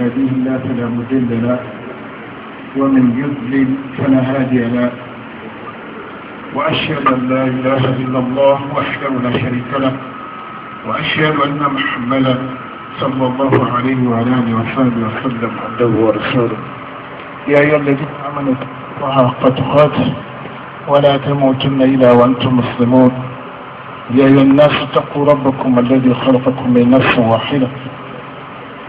هذه الله فلا مضل له ومن يضلل فلا هادي له وأشهد أن لا إله إلا الله وحده لا شريك له وأشهد أن محمدا صلى الله عليه وعلى آله وصحبه وسلم عبده ورسوله يا أيها الذين آمنوا اتقوا حق تقاته ولا تموتن إلا وأنتم مسلمون يا أيها الناس اتقوا ربكم الذي خلقكم من نفس واحدة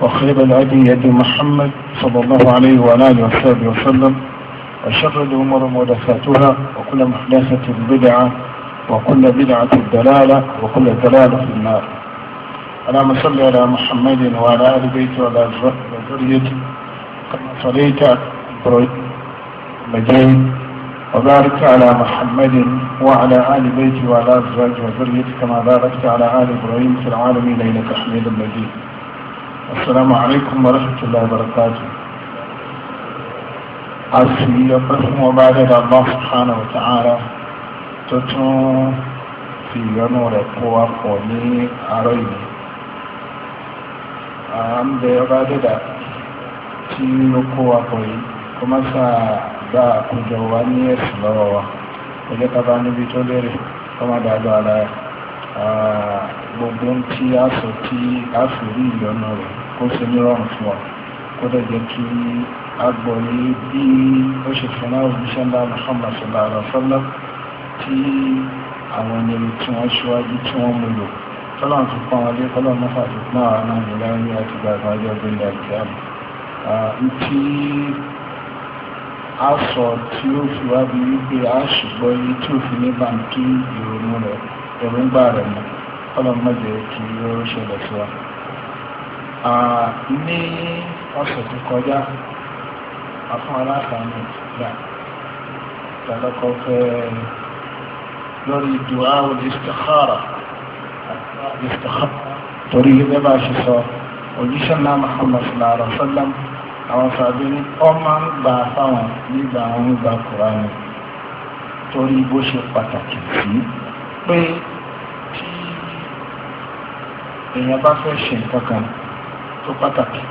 وخير الهدي هدي محمد صلى الله عليه وعلى اله وصحبه وسلم وشر الامور محدثاتها وكل محدثة بدعة وكل بدعة دلالة وكل دلالة في النار. اللهم صل على محمد وعلى ال بيته وعلى ذريته كما صليت مجيد وبارك على محمد وعلى ال بيته وعلى ازواجه وذريته كما باركت على ال ابراهيم في العالمين انك حميد مجيد. asalaamu alaykum wa rahmatulahi wa barakatu. a sì ọpẹ́ fún ọba adẹ́dàá Allah subhanahu wa ta'ala tó tún fi ìyọnu rẹ̀ kó wa pọ̀ ní àárọ̀ yìí. à ń bẹ ọba adẹ́dàá tí ó kó wa pọ̀ yìí kó má sáà gba àkójọ wa ní ẹ̀sìn lọ́wọ́ wa. ó jẹ́ ká bá níbi tó lérè kó má dàgbà ara rẹ̀. Ah, gbogbo ń tí a sọ tí a sì rí ìyọnu rẹ̀ kó ṣe ní rọrùn fún wa kó dẹ̀ jẹ́ kí a gbọ́ ní bí ó ṣe fún náà òjíṣẹ́ ńlá Muhammad sallallahu alaihi wasallam tí àwọn ènìyàn tí wọ́n ṣíwájú tí wọ́n mú lò tọ́lọ́n ti pọ́n ọdẹ tọ́lọ́n mọ́fà ti pọ́n àwọn náà láyé àti gbàgbọ́ ọjọ́ ìgbìlẹ̀ àti àmì tí a sọ tí ó fi wá bí wípé a ṣùgbọ́n tí ó fi ní bàǹkì ìrònú rẹ̀ èròǹgbà rẹ̀ mọ́ ọlọ́mọdé kí ó ṣẹlẹ̀ sí wa. ní ọ̀sẹ̀ tó kọjá afún aláǹfààní gbà tàlọ́kọ̀ fẹ́ lórí dùá olùsítàkàrà torí ilé bá ṣe sọ òjíṣẹ́ náà Muhammad sallallahu alaihi wa sallam àwọn sàbí ní ọmọ ń gbà fáwọn nígbà àwọn ń gbà kúránì torí bó ṣe pàtàkì sí i pé tí èèyàn bá fẹ́ ṣe nǹkan kan tó pàtàkì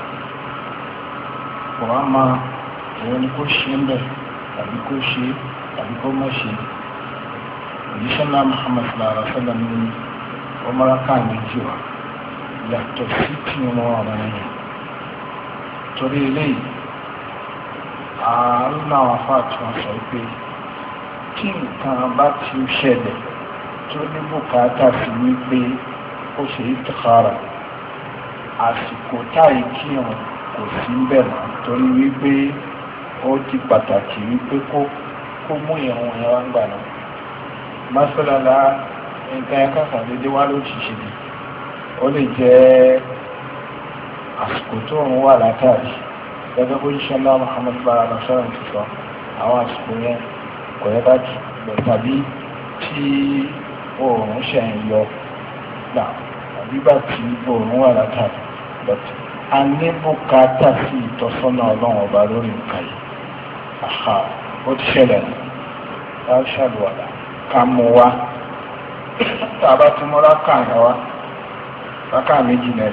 kò á máa èèyàn ni kó ṣe ń bẹ̀ tàbí kó ṣe tàbí kó má ṣe òjíṣẹ́ náà Muhammad sallallahu alaihi wa sallam ní ọmọláka méjì wa yàtọ̀ sí tí wọn ọ̀rọ̀ yẹn torí eléyìí àárínà àwọn afáàtì wọn sọ pé tí nǹkan bá ti ṣẹlẹ̀ tó ní bùkátà sí ní pé ó ṣe istikhara àsìkò táì kírun kò sí ń bẹ̀ mọ́ torí wípé ó di pàtàkì wípé kó kó mú ìrun yẹn wá ń gbà náà mọ́sálálá nǹkan ẹ̀ka kan dédé wá ló ti ṣe ni ó lè jẹ́ àsìkò tó ń wà látàrí gẹ́gẹ́ bó ṣiṣẹ́ ńlá Muhammad bára lọ́sọ̀rọ̀ ti sọ àwọn àsìkò yẹn kò yẹ bá jù lọ tàbí tí oòrùn ṣe ń yọ gbà nígbà tí oòrùn wà látàrí but a ní bùkátà sí ìtọ́sọ́nà ọlọ́run ọba lórí nǹkan yìí àhà ó ti ṣẹlẹ̀ ní bá ká mú wa tá a bá ti múra káàyàn wa rákà méjì náà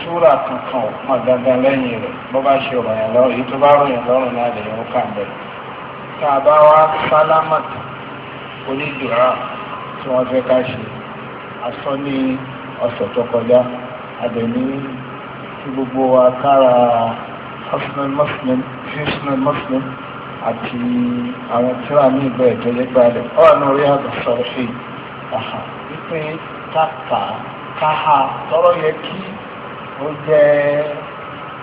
súrà kankan ò pọn dandan lẹ́yìn rẹ̀ bó bá ṣe ọ̀rọ̀ yẹn lọ́rùn èyí tó bá rọ̀ yẹn lọ́rùn náà lè yẹn ó kà ń bẹ̀. tá a bá wá sálámà tán onídùúrà tí wọ́n fẹ́ ká ṣe asọ ní ọ̀sẹ̀ tó kọjá àbẹ̀ní tí gbogbo wa kára hafnan muslim hafnan muslim àti àwọn tíra ní ìgbà ìtọ́jú gbalẹ̀ ọ̀rọ̀ náà rí àgbà sọ̀rọ̀ sí wípé káka káha tọrọ yẹ kí ó jẹ́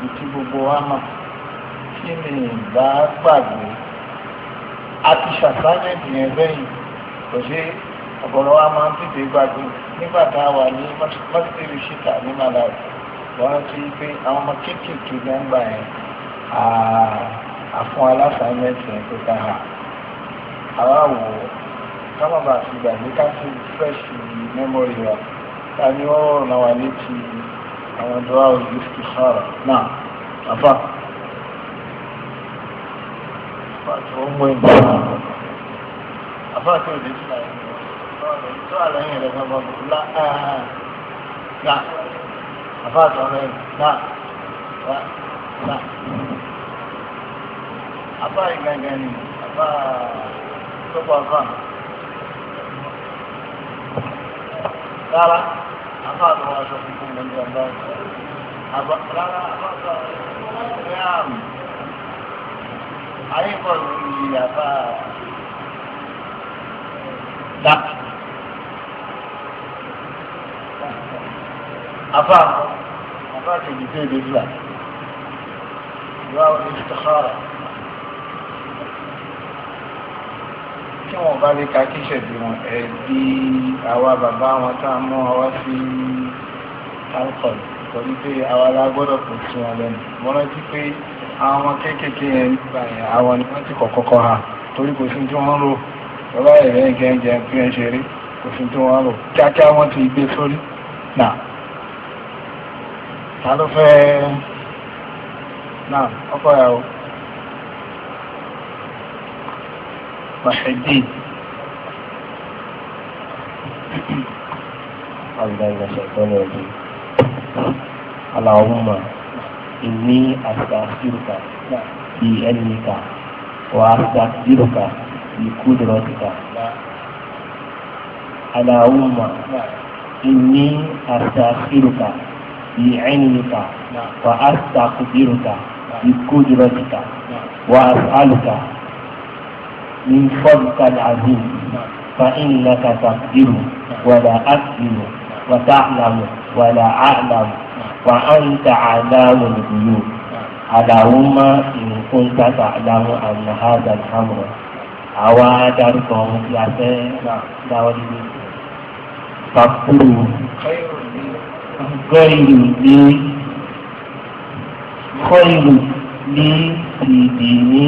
ìtì gbogbo wa mọ̀ kí ni ìgbà gbàgbé àti ṣàṣàyẹ̀ ìyẹn bẹ́yìn kò sí ọ̀pọ̀lọpọ̀ wa máa ń tètè gbàgbé nígbà tá a wà ní mọ́tìtìrì ṣìkà ní malawi wọ́n ti pé àwọn ọmọ kéékèèké nọ́mbà yẹn àfún aláṣàmẹ́tì yẹn tó ká hà àwa wò ó kábàbà sí gbàgbé ká sí fresh memory wa ta ni ó ràn wá létí àwọn dọ́wà òyìnbó ti sọ̀rọ̀ náà àbá. Fàtí ó mú ìgbà náà àbá tó lè tó àlẹ́ tó àlẹ́ yẹn lọ́sọ̀ bọ̀ lá là àbá tó lè là là là àbá yìí ni àbá tó bọ̀ àbá rárá àbá tó wà sọ fún fún gbẹ̀ngàn bá àbá rárá àbá tó rẹ̀ àmì ayé bọ̀ lórí àbá la afa afa ti di tey de fila waaw istixaara tí wọn bá lè ka kíṣẹ bí wọn ẹ bí àwa bàbá wọn tá a mú àwa sí alcohol torí pé àwa la gbọ́dọ̀ kò sí wọn lẹ́nu mo rántí pé àwọn kéékèèké yẹn nígbà yẹn àwọn ni wọn ti kọ́kọ́ ha torí kò sí tí wọn rò ọlá ẹ̀rẹ́ gẹ́gẹ́ fi ń ṣeré kò sí tó wọ́n rò kíákíá wọ́n ti gbé sórí náà ta ló fẹ́ náà ọkọ yà ó mahidin abdulayi sọ̀tọ́nù ọ̀dọ́ aláwọ̀mọ̀ ìní àti بقدرتك اللهم إني أستغفرك بعلمك وأستقدرك بقدرتك وأسألك من فضلك العظيم فإنك تقدر ولا أقدر وتعلم ولا أعلم وأنت علام الغيوب اللهم إن كنت تعلم أن هذا الأمر àwa dárúkọ ohun tí a fẹ́ dáwọ́ nínú pàkúrò gọ́ìlù ní gọ́ìlù ní tìdì ní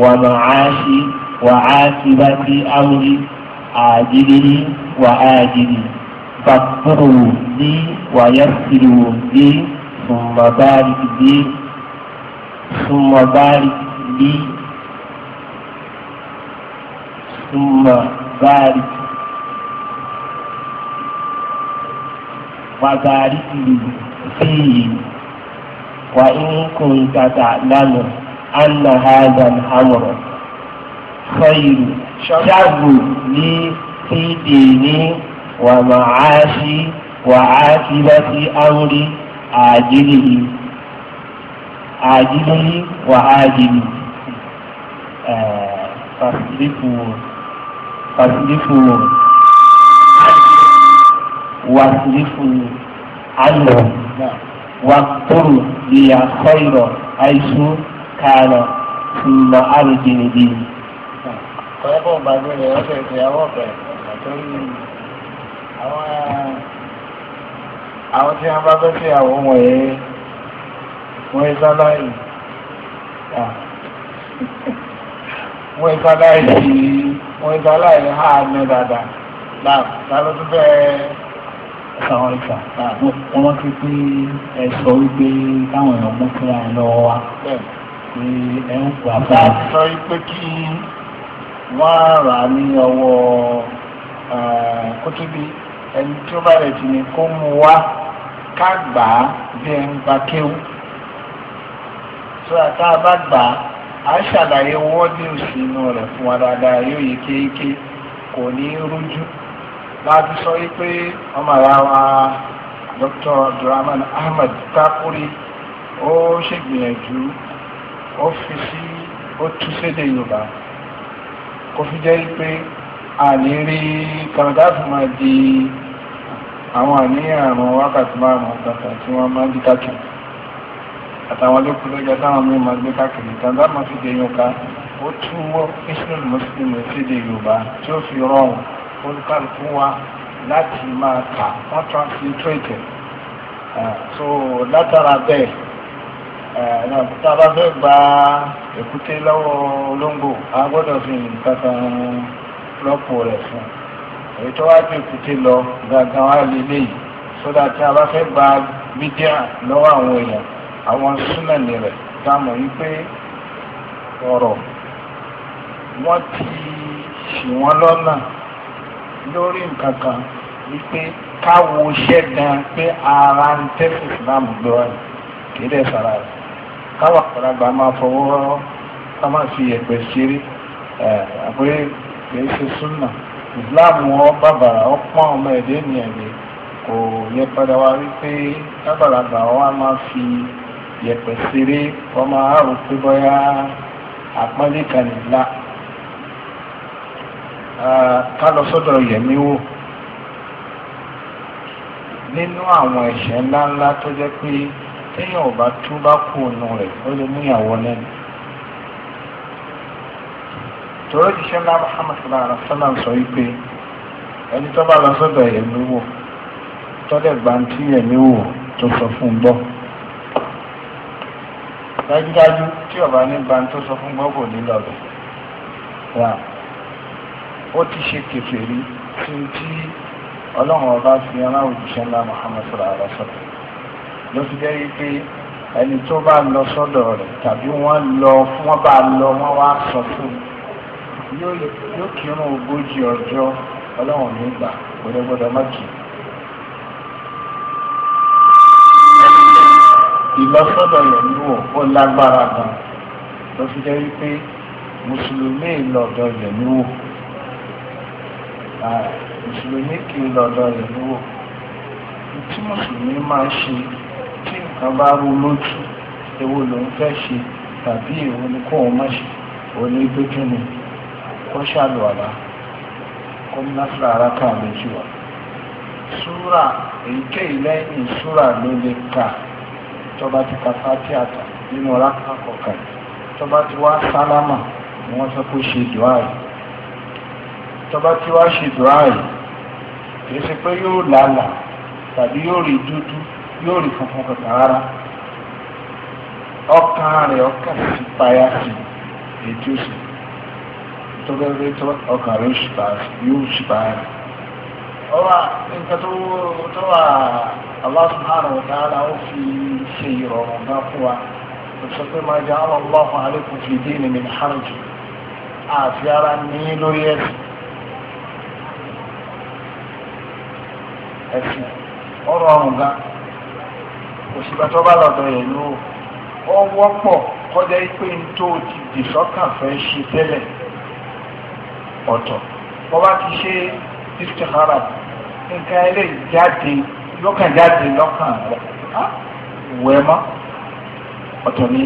wàmàáṣí wàásìbátì amúrí àdìrí wàádìrí pàkúrò ní wàyásìrò ní sùmọ̀bárì ní sùmọ̀bárì ní túmọ̀ báàrí wà báàrí ìlú bíi wà ínkù tàtà lánà anna hadan amọ̀rọ̀ khayru ṣáàbù ní fídè ní wà màáṣí wà ákìlọ́tì amúrí àjílì àjílì wà ájílì. فاختلفوا fasilifu wasilifu alo wakuturu liya kọyọ aisu kaana tuma arujini bi. ọ̀rẹ́kọ̀ gbàgbé rẹ̀ ọ̀sẹ̀ ìyàwó ọ̀fẹ́ àtọ́rí àwọn àwọn tí wọ́n bá fẹ́ sí àwọn ọmọ yẹn wọ́n yẹ sáláì wọ́n yẹ sáláì yìí wọn ìgbà láì ha ní dáadáa náà dáná tó bẹ́ẹ̀ ẹ̀sán wọn ìgbà náà wọ́n ti pín ẹ̀sọ́ wípé káwọn èèyàn mú fúnra ẹ̀ lọ́wọ́ wa pé ẹ̀ ń gbà bá a. sọ pé kí wọ́n rà á ní ọwọ́ kótóbi ẹni tí ó bá rẹ̀ jù ní kó mú wá ká gbà á bí ẹ̀ ń gba kéwù. sọ àtà bá gbà á a ṣàlàyé wọ́dìrì sínú rẹ̀ fún wa dáadáa yóò yé kéèké kò ní rújú láti sọ wípé ọmọ àyà wa Dr. Abdulrahman Ahmed Kakuri ó ṣègbìyànjú ó fi sí ó tú sédè Yorùbá kó fi jẹ́ pé àní rí kànáńtà fún ma di àwọn àníyàn àwọn wákàtí márùn-ún kàkà tí wọ́n máa ń di káàkiri àtàwọn olókùn lọ́jà táwọn mi máa gbé káàkiri tán bá máa fi dé yín ká ó túwọ́ islam muslim síde yorùbá tí ó fi rọrùn olùkàlùkù wa láti máa kà wọ́n transliterate so látara bẹ́ẹ̀ tá a bá fẹ́ gba èkúté lọ́wọ́ olóńgbò a gbọ́dọ̀ fi nǹkan kan rọ́pò rẹ̀ fún èyí tó wá ju èkúté lọ gàgàn wa lélẹ́yìí sódà tí a bá fẹ́ gba mídíà lọ́wọ́ àwọn èèyàn àwọn súnmẹ̀lì rẹ̀ tá a mọ̀ wípé ọ̀rọ̀ wọ́n ti ṣì wọ́n lọ́nà lórí nǹkan kan wípé káwo iṣẹ́ gan pé ara ń tẹ́sí islam gbé wa kì í dẹ̀ sára rẹ̀ káwọn àgbàlagbà máa fọwọ́ rọ́rọ́ ká má fi ẹ̀pẹ̀ ṣeré àpé suna ṣe súnà islam wọn bàbàrà ọpọ́n ọmọ ẹ̀dẹ́ ènìyàn lè kò yẹ padà wá wípé wọn máa fi. yẹ̀pẹ̀ sírí ọmọ àrùn tó bọ́yá àpọ́nlé kan nìlá ká lọ sọ́dọ̀ yẹ̀mí wò nínú àwọn ẹ̀ṣẹ̀ ńláńlá tó jẹ́ pé téèyàn ò bá tú bá kú ònà rẹ̀ ó lè mú ìyàwó lẹ́nu. tòró jíṣẹ́ ńlá Muhammad sallallahu alaihi wasallam sọ wípé ẹni tó bá lọ sọ́dọ̀ yẹ̀mí wò tọ́lẹ̀ gbàǹtí yẹ̀mí wò tó sọ fún un bọ́ dájúdájú tí ọba ní ban tó sọ fún gbọ́kò ní lọ́dọ̀ rà ó ti ṣe kèfèrí tí ń tí ọlọ́run ọba fi ọlọ́run òjíṣẹ́ ńlá Muhammad sallallahu alaihi wasallam ló fi jẹ́ wípé ẹni tó bá lọ sọ́dọ̀ rẹ̀ tàbí wọ́n lọ wọ́n bá lọ wọ́n wá sọ fún yóò kírun ogójì ọjọ́ ọlọ́run nígbà gbọdọgbọdọ mọ́kì. ìlọsọ́dọ̀ yẹn ní ó lágbára gan ló fi jẹ́ wípé mùsùlùmí ní mùsùlùmí kì í lọ̀dọ̀ tí mùsùlùmí máa ṣe tí nǹkan bá rú lójú ewu ló ń fẹ́ ṣe tàbí èwo ni kóun má ṣe òní dójú ni kó kó ara wa súrà èyíkéyìí lẹ́yìn súrà ló lè kà. tọ́ba ti kàkà tí a tà nínú ọ̀rá kọ̀ọ̀kan tọ́ba ti wá sálámà ni wọ́n sọ pé ṣe dùá yìí tọ́ba ti wá ṣe dùá yìí kì í ṣe pé yóò làálàá tàbí yóò rí dúdú yóò rí funfun kankan rárá ọkàn rẹ̀ ọkàn sí payá sí ètí òsì tó bẹ́ẹ̀ tó ọkàn rẹ̀ yóò sì payá rẹ̀ nǹkan tó wà. Allah subhanahu wa ta'ala ó fi ṣe ìrọ̀rùn bá fún wa kò sọ pé máa jẹ́ àwọn ọlọ́kùn alẹ́kùn fi dé ní min haraj àfi ara ní lórí ẹ̀sìn ẹ̀sìn ọ̀rọ̀ ọ̀rùn gan òṣìbà tó bá lọ́dọ̀ yẹn ló ó wọ́pọ̀ kọ́jà pé n tó ti dì fẹ́ ṣe tẹ́lẹ̀ ọ̀tọ̀ wọ́n bá ti ṣe istikhara nǹkan ẹlẹ́yìí jáde lọ́kàn jáde lọ́kàn rẹ̀ wẹ́ mọ́ ọ̀tọ̀ ni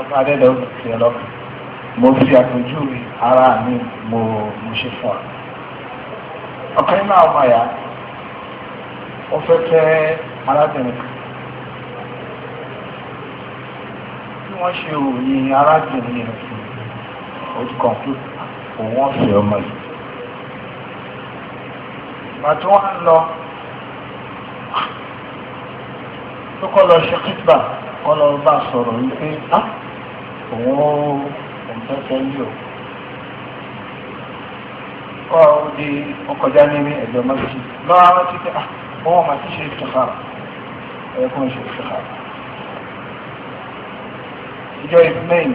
ọba adẹ́dẹ́ òkè tiẹ̀ lọ́kàn mo fi àpèjúwe ara mi mo mo ṣe fún ọ. ọ̀kan nínú àwọn ọmọ ya ó fẹ́ fẹ́ arábìnrin kan bí wọ́n ṣe ròyìn arábìnrin yẹn fún ojú kan tó òun ọ̀fẹ́ ọmọ yìí. bàtí wọ́n á lọ. tó kọ́ lọ ṣe kíkbà kọ́ lọ bá sọ̀rọ̀ wípé á ah, òun ó òun fẹ́ fẹ́ yí o kọ́ ọ di ọkọjá ní ẹ̀jọ̀ mọ́tì lọ́wọ́ àwọn ti pé á òun mà ti ṣe ìtìkára ẹ̀kún ṣe ìtìkára ìjọ ìdílẹ́yìn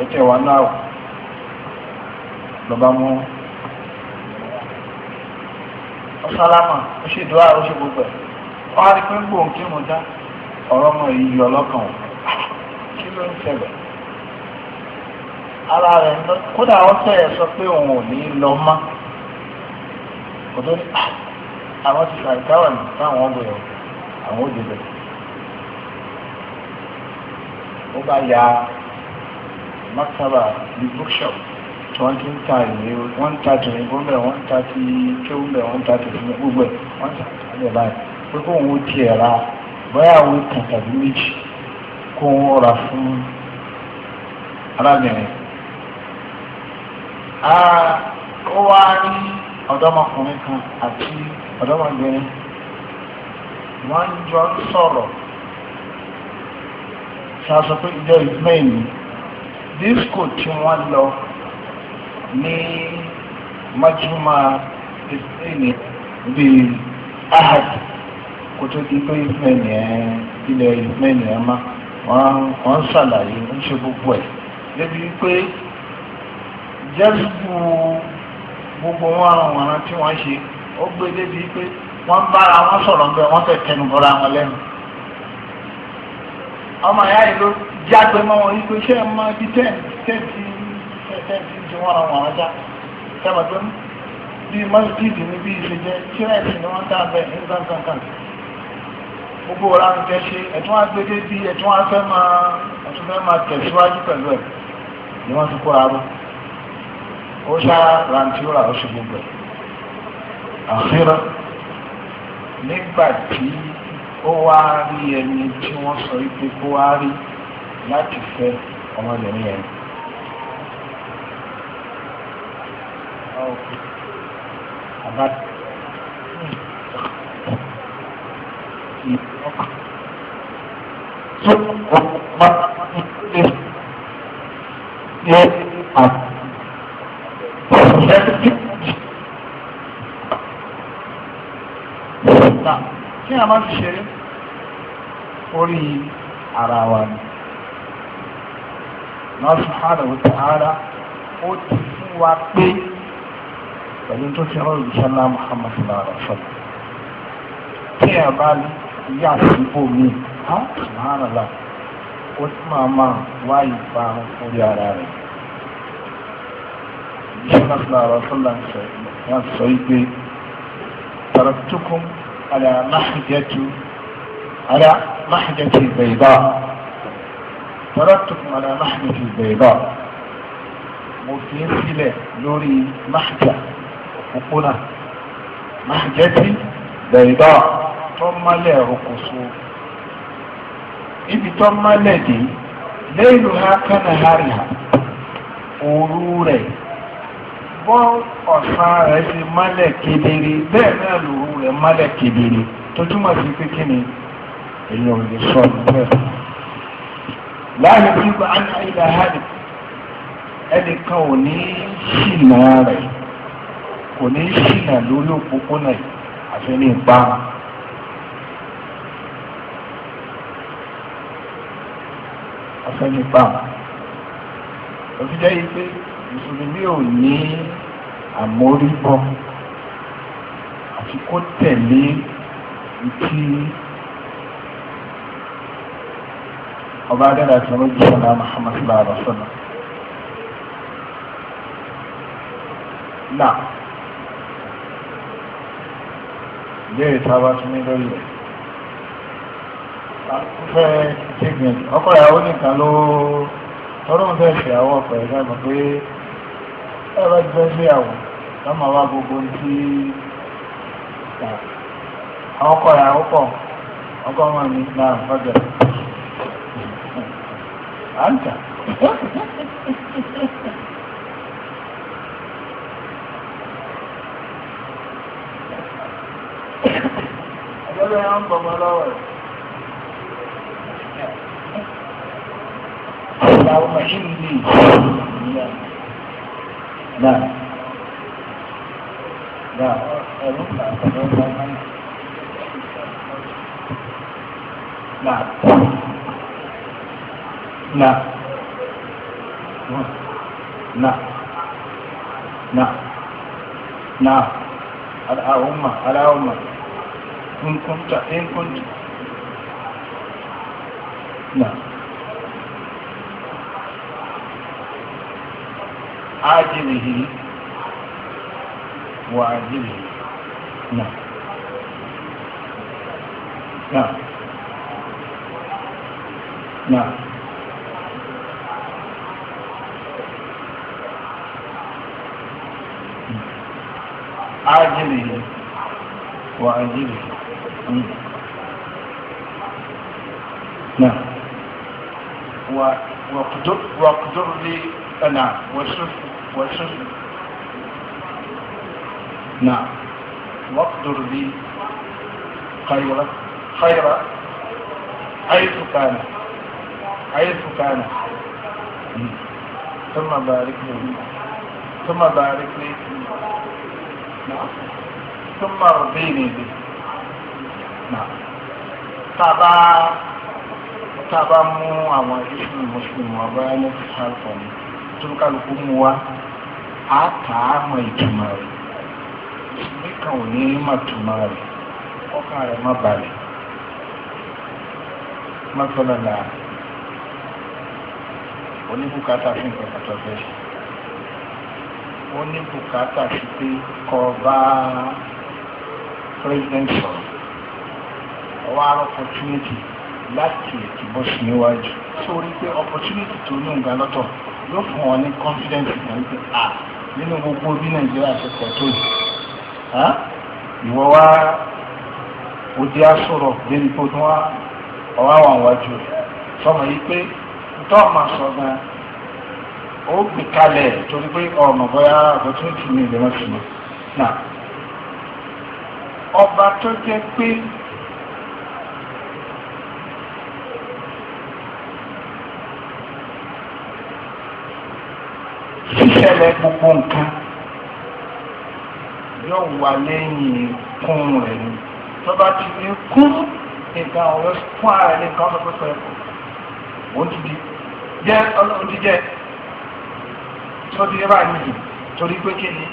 ó tẹ̀ náà lọ́ba mú ọ̀sálámà ó ṣèdúrà ó ṣe gbogbo ẹ̀ wọ́n á rí pé ń gbòòn kí mo dá ọ̀rọ̀ ọmọ yìí yọ lọ́kàn kí ló ń ṣẹlẹ̀ ara rẹ̀ ń lọ kódà ó sẹ̀yẹ̀ sọ pé òun ò ní lọ mọ́ kò tó ní ah, àwọn ti ṣàìkáwà ní táwọn ọgbẹ ọ àwọn òde bẹ ó bá ya maktaba ní bookshop tí wọ́n ti ń ta ìwé wọ́n ń ta tìrìbù ń wọ́n ń ta ti kéwù ń wọ́n ń ta tìrìbù gbogbo ẹ̀ wọ́n ń ta ìwé báyìí pé kó òun tiẹ̀ ra bóyá àwọn kan tàbí méjì kó òun ra fún arábìnrin. ó wá ní ọ̀dọ́mọkùnrin kan àti ọ̀dọ́mọbìnrin wọ́n jọ sọ̀rọ̀ ṣáṣọ pé ìjọ ìgbẹ́yìn disco tí wọ́n lọ ní májúmọ́ ìsìn bíi ahad kó tó di pé ìfúnẹ̀nì ẹ̀ ilẹ̀ ìfúnẹ̀nì ẹ̀ má wọ́n ń ṣàlàyé ń ṣe gbogbo ẹ̀ débi pé jẹ́sùkú gbogbo wọn àwọn ọ̀ràn tí wọ́n ṣe ó gbé débi pé wọ́n ń bára wọn sọ̀rọ̀ ń bẹ wọ́n fẹ́ tẹnu bọ́ra wọn lẹ́nu ọmọ ìyá yìí ló jágbe mọ́ wọn yìí pé ṣé ẹ máa di tẹ́ǹtì tẹ́ǹtì tẹ́ǹtì ju wọn àwọn àwọn ajá tẹ́wọ̀n tó ń bí mọ́sídìí ní bí ìṣe jẹ́ ṣé ni wọ́n ń tà bẹ́ẹ̀ ní kankan kan gbogbo ọ̀rá ń tẹ́ ṣe ẹ̀tún agbédé bí ẹ̀tún afẹ́ máa ẹ̀tún fẹ́ máa tẹ̀síwájú pẹ̀lú ẹ̀ ni wọ́n ti kó ara ó ṣá rántí ó rà ó ṣe gbogbo ẹ̀ àfihàn nígbà tí ó wá rí ẹni tí wọ́n sọ wípé kó wá rí láti fẹ́ ọmọbìnrin yẹn. Thank you kí a máa fi ṣe orí ara wa ni náà subhanahu wa ta'ala ó ti fún wa pé pẹ̀lú tó fi rọrùn sọ́lá muhammadu sallallahu alaihi kí a bá lè ìyá àdúgbò mi á máa là ó sì máa máa wá ìgbà orí ara rẹ̀. ìṣẹ́lá sílá ọ̀rọ̀ sọ́lá ń sọ wọ́n sọ wípé taraktukum ala mahajatu ala mahajatu bayda taraktukum ala mahajatu bayda mo fi ń sílẹ̀ lórí mahajà òpópónà mahajati bayda tó mọ́lẹ̀ òkòso ibi tó mọ́lẹ̀ dé lẹ́yìn ha kánà hàrì hà òru rẹ̀ bọ́ ọ̀sán rẹ̀ ti mọ́lẹ̀ kedere bẹ́ẹ̀ náà lòru rẹ̀ mọ́lẹ̀ kedere tó túmọ̀ sí pé kí ni èèyàn ò lè sọ níbẹ̀. láàrin bíbá àná ilẹ̀ hàrì ẹnìkan ò ní ṣìnà rẹ̀ kò ní ṣìnà lórí òpópónà àfẹnìbámu. afẹ́nipa òfìjẹ́ yìí pé mùsùlùmí ò ní àmórígbọ́ àti kó tẹ̀lé ìtì ọba adára tí wọ́n jẹ́ ọ̀nà Muhammad sallallahu alaihi wasallam. náà ìbéèrè tí a bá tún ní lórí rẹ̀. fẹ́ ṣe ọkọ ìyàwó nìkan ló tọ́lọ́hún fẹ́ ṣe àwọn ọkọ ẹ̀dá mọ̀ pé lọ́mọ wa gbogbo ní àwọn ọkọ ìyàwó pọ̀ ọkọ wọn ní náà ọjà à Ọjọ́ bẹ́ẹ̀ اللهم إني نعم نعم نعم نعم نعم نعم نعم اللهم اللهم إن كنت إن كنت نعم عاجله وعاجله نعم نعم نعم عاجله وعاجله نعم واقدر واقدر لي نعم والشفع والشفع نعم واقدر بي خيرا خيرا حيث كان حيث كان ثم بارك لي ثم بارك لي نعم ثم ارضيني به نعم تابع تابع مو àwọn اسم المسلم ọba حرفا tí tó ń kálukú mú wa á tà á mọ ìtumọ̀ rẹ̀ ìsinmi kan ò ní mọ̀ ìtumọ̀ rẹ̀ ọkàn rẹ̀ má balẹ̀ má tọ́lá la oníbùkátà fi ń pẹ̀lú àtọ́fẹ́ fi pé kọ́ president sọ̀rọ̀ ọwọ́ àrùn opportunity láti ètò bọ́sùn níwájú sórí pé opportunity tó ní òǹgá lọ́tọ̀ yóò fún ọ ní confidence kan pé à nínú gbogbo bí nàìjíríà ṣe pọ̀ tó yìí ìwọ wá ó di asọ̀rọ̀ débi tó tún wá ọ̀wá wà wájú rẹ̀ sọmọ yìí pé tó ọmọ sọ gan ó gbé kalẹ̀ torí pé ọmọ bóyá opportunity mi lè náà ọba tó jẹ́ pé. fẹ́ gbogbo nǹkan yóò wà lẹ́yìn kún rẹ̀ ni tọ́ba ti fi kún nǹkan ọ̀rẹ́ fún ara rẹ̀ nǹkan ọ̀sẹ̀ pẹ̀lú ẹ̀kọ́ òun ti di jẹ́ ọlọ́run ti jẹ́ tó ti rẹ́bà nìyí torí pé kí ni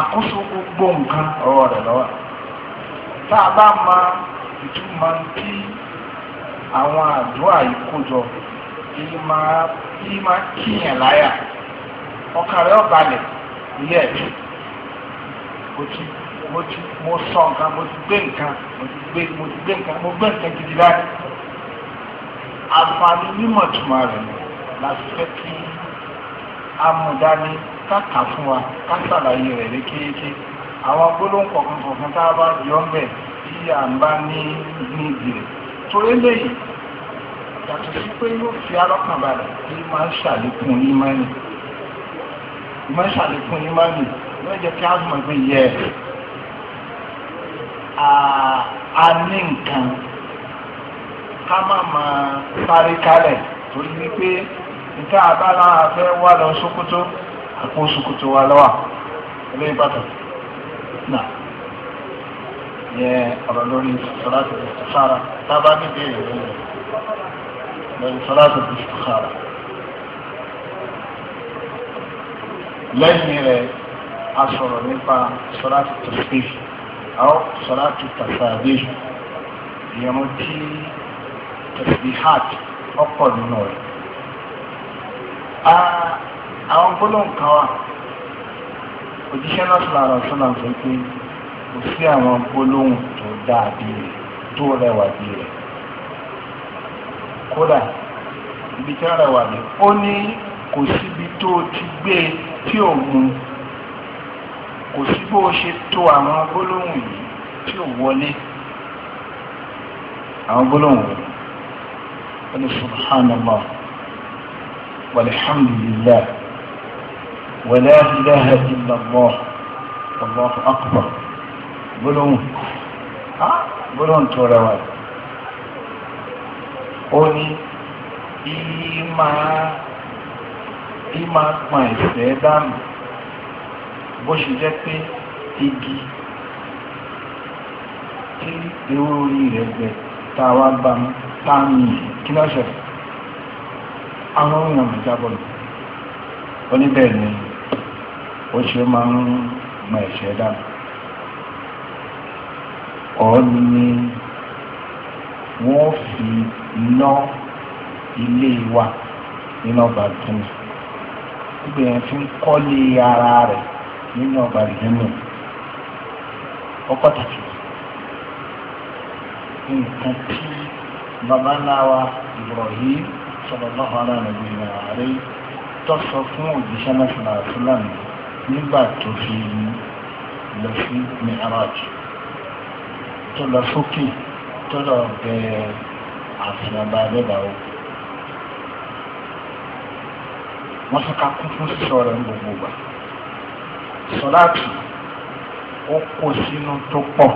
àkóso gbogbo nǹkan ọ̀rọ̀ rẹ̀ lọ́wọ́ tá a bá ma ìtumọ̀ tí àwọn àdúrà yìí kó jọ kí máa kíyàn láyà ọkàn rẹ ọbalẹ̀ yẹ mo ti mo ti mo sọ nǹkan mo ti gbé nǹkan mo ti gbé mo ti gbé nǹkan mo gbé nǹkan gidi láti àǹfààní mímọ̀ tuma rẹ̀ láti fẹ́ kí amúdání káka fún wa ká ṣàlàyé ní kéèké àwọn gbólóhùn kọ̀ọ̀kan kọ̀ọ̀kan tá a bá yọ ń bẹ̀ bí à ń bá ní ní ìdìrẹ̀ torí lẹ́yìn yàtọ̀ sí pé yóò fi alọ́kàn balẹ̀ kí máa ń ṣàlékún ní mẹ́rin ìmọ̀ ṣàlékún ní mọ́nì yóò jẹ́ kí á mọ̀ pé yẹ a ní nǹkan ká má máa parí kalẹ̀ torí wípé nǹkan àbára fẹ́ wá lọ Sókótó àpò Sókótó wa lọ́wọ́ ilé ìbàdàn náà yẹ ọ̀rọ̀ lórí sọ́láṣẹ́ ìfọ̀sára tábà níbi èrè lórí sọ́láṣẹ́ ìfọ̀sára. lẹ́yìn rẹ̀ a sọ̀rọ̀ nípa sọ́láàtì tẹ̀sí àwọn sọ́láàtì tàṣàdé ìyẹn tí tẹ̀sí hàt ọ̀pọ̀ nínú rẹ̀. àwọn gbólóhùn kan wà òjíṣẹ́ náà sọ̀rọ̀ àrùn sọ́nà sọ pé kò sí àwọn gbólóhùn tó dáa rẹ̀ tó rẹwà rẹ̀ kódà ibi tí wọ́n rẹwà ó ní kò síbi tó o ti gbé e tí ò mu kò sí bó o ṣe to àwọn gbólóhùn yìí tí ò wọlé àwọn gbólóhùn wò wọ́n ní subhanallah walhamdulillah wala ilaha illallah wallahu akbar gbólóhùn gbólóhùn tó rẹwà ó ní ìyí tí máa pọn ẹ̀sẹ̀ dànù bó ṣe jẹ́ pé igi tí ewé orí rẹ̀ gbẹ tá a wá bá mi tá a mi yìí kí ló ṣe àwọn ohun ọ̀nà jábọ̀ lọ oníbẹ̀ ni ó ṣe máa ń mọ ẹ̀ṣẹ̀ dànù ọ̀ ni wọ́n fi iná ilé wa iná bá tún un ibẹ̀ fi ń kọ́lé ara rẹ̀ nínú ọgbà ìdánwò ọkọ̀tàkì nǹkan tí bàbá ńlá wa Ibrahim sallallahu alaihi wa sallam tó sọ fún òjíṣẹ́ náà fúlàní nígbà tó fi lọ sí mi'raj tó lọ sókè tó lọ bẹ àfihàn bá dẹ́dà ó. wọ́n tún ká kún fún sísọ rẹ̀ ní gbogbo ìgbà sọláàtì ó kó sínú tó pọ̀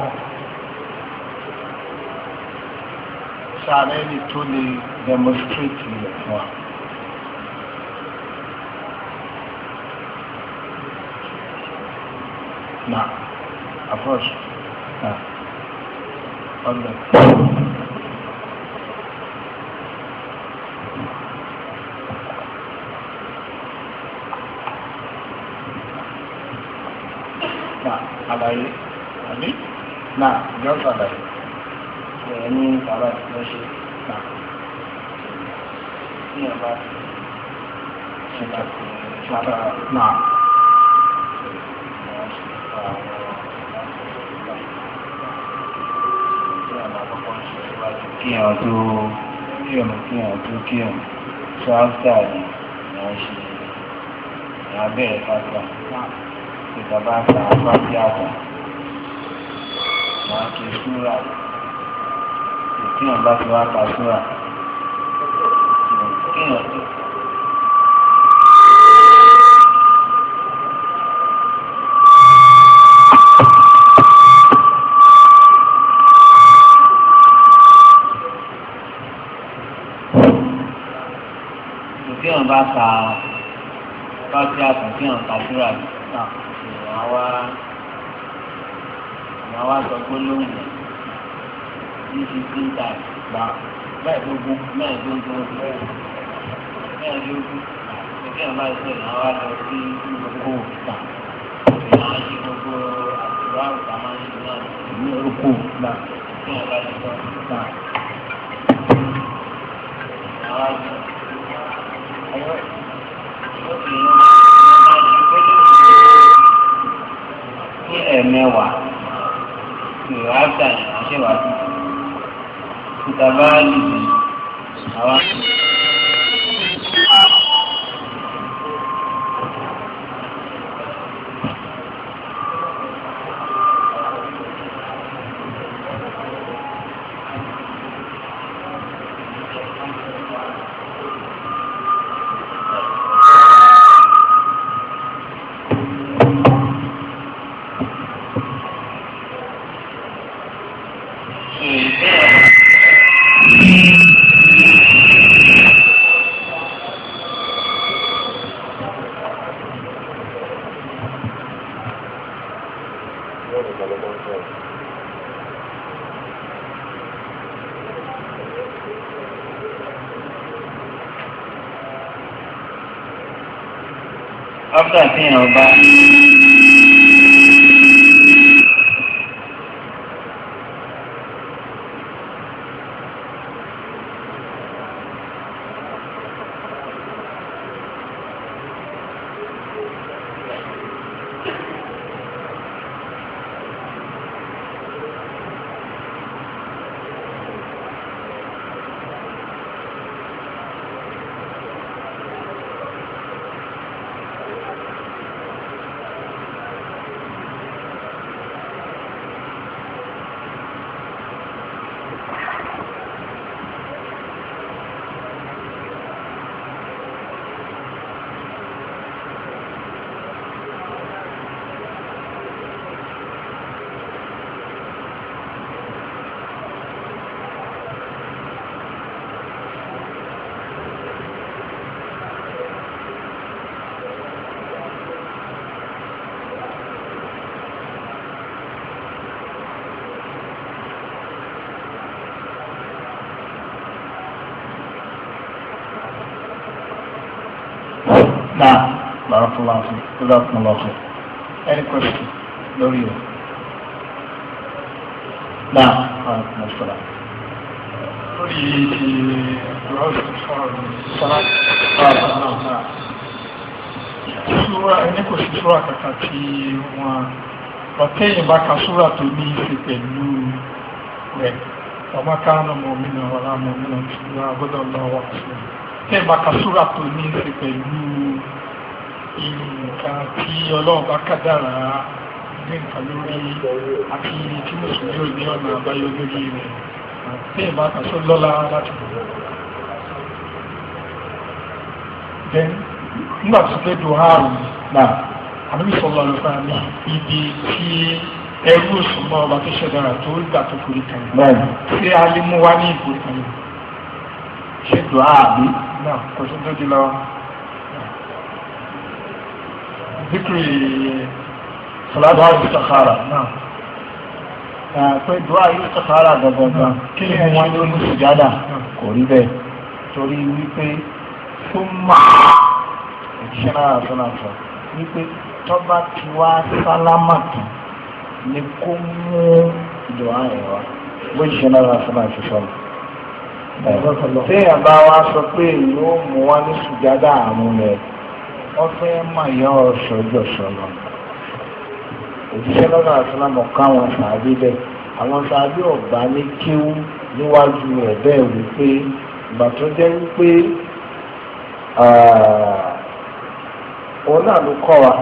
sàrẹ́lì tó lè demonstrate rẹ̀ fún wa. na approach na ọdún. náà tó kí ẹ̀ kí ẹ̀ tó kí ẹ̀ ṣe ìyá bẹ́ẹ̀ fásitì ìjọba àti àwọn wọ́n á ké ìkíyàn bá ti wá ka súrà ìkíyàn tó. Kí bá ka bá ti àtúntì ọ̀n kàdúrà yìí. máa wá sọ gbólóhùn ní fifteen times gba mẹ́ẹ̀ẹ́dógún mẹ́ẹ̀ẹ́dógún mẹ́ẹ̀ẹ́dógún ẹgbẹ́ ọ̀la ìṣe ìyá wa lọ sí oko òkúta ìyá wa ṣe gbogbo àtúrà òkúta máa ń ṣe náà ní oko òkúta ẹgbẹ́ ọ̀la ìṣe òkúta ìyá wa ṣe ẹgbẹ́ ó sì ń ṣe ẹgbẹ́ ẹ̀mẹ́wàá wàá gbà yẹn àṣẹ wàá dùn. I'm after àfihàn ọba. láàfin tó dákun any question lórí o náà àwọn ọ̀sọ̀rọ̀. lórí ìrọ̀lù sọ̀rọ̀ sọ̀rọ̀ náà súra ẹni kò sí súra kankan tí wọ́n lọ́tẹ́yìn bá ka súra tó ní í ṣe pẹ̀lú rẹ̀ ọmọ kánú mọ̀ mí náà wọ́n á mọ̀ mí náà ṣùgbọ́n agbọ́dọ̀ lọ́wọ́ sí i nǹkan tí ọlọ́run bá kádàrá ní nǹkan lórí àti tí mùsùlùmí ò ní ọ̀nà àbáyọ lórí rẹ̀ tí ìbá kan tó lọ́lá láti bọ̀. then nígbà tó fẹ́ dùn àrùn náà àmì sọ̀rọ̀ ní ibi tí ẹrú òṣùnmọ́ ọba tó ṣẹ̀dára tó gbà tó forí kan tí a lè mú wá ní ìforí kan ṣe dùn àbí náà kò tó di lọ́wọ́ zikiri salatu abu sahara náà ah, pé dua yóò sahara gangan kí ni wọn yóò ní sùjádà kò rí bẹ́ẹ̀ torí wípé fún máa òjíṣẹ́ náà sọ́nà sọ wípé tọ́ba ti wá sálámà tán ni kó mú dua yẹn sọ pé èyí mú wá ní sùjádà àrùn ọfẹ́ mayọ́ ṣọjọ́ ṣọlọ òjíṣẹ́ lọ́nà àtúnámọ̀ káwọn sàábí bẹ́ẹ̀ àwọn ní kíú níwájú rẹ̀ wípé ìgbà tó jẹ́ wípé òun náà ló kọ́ wa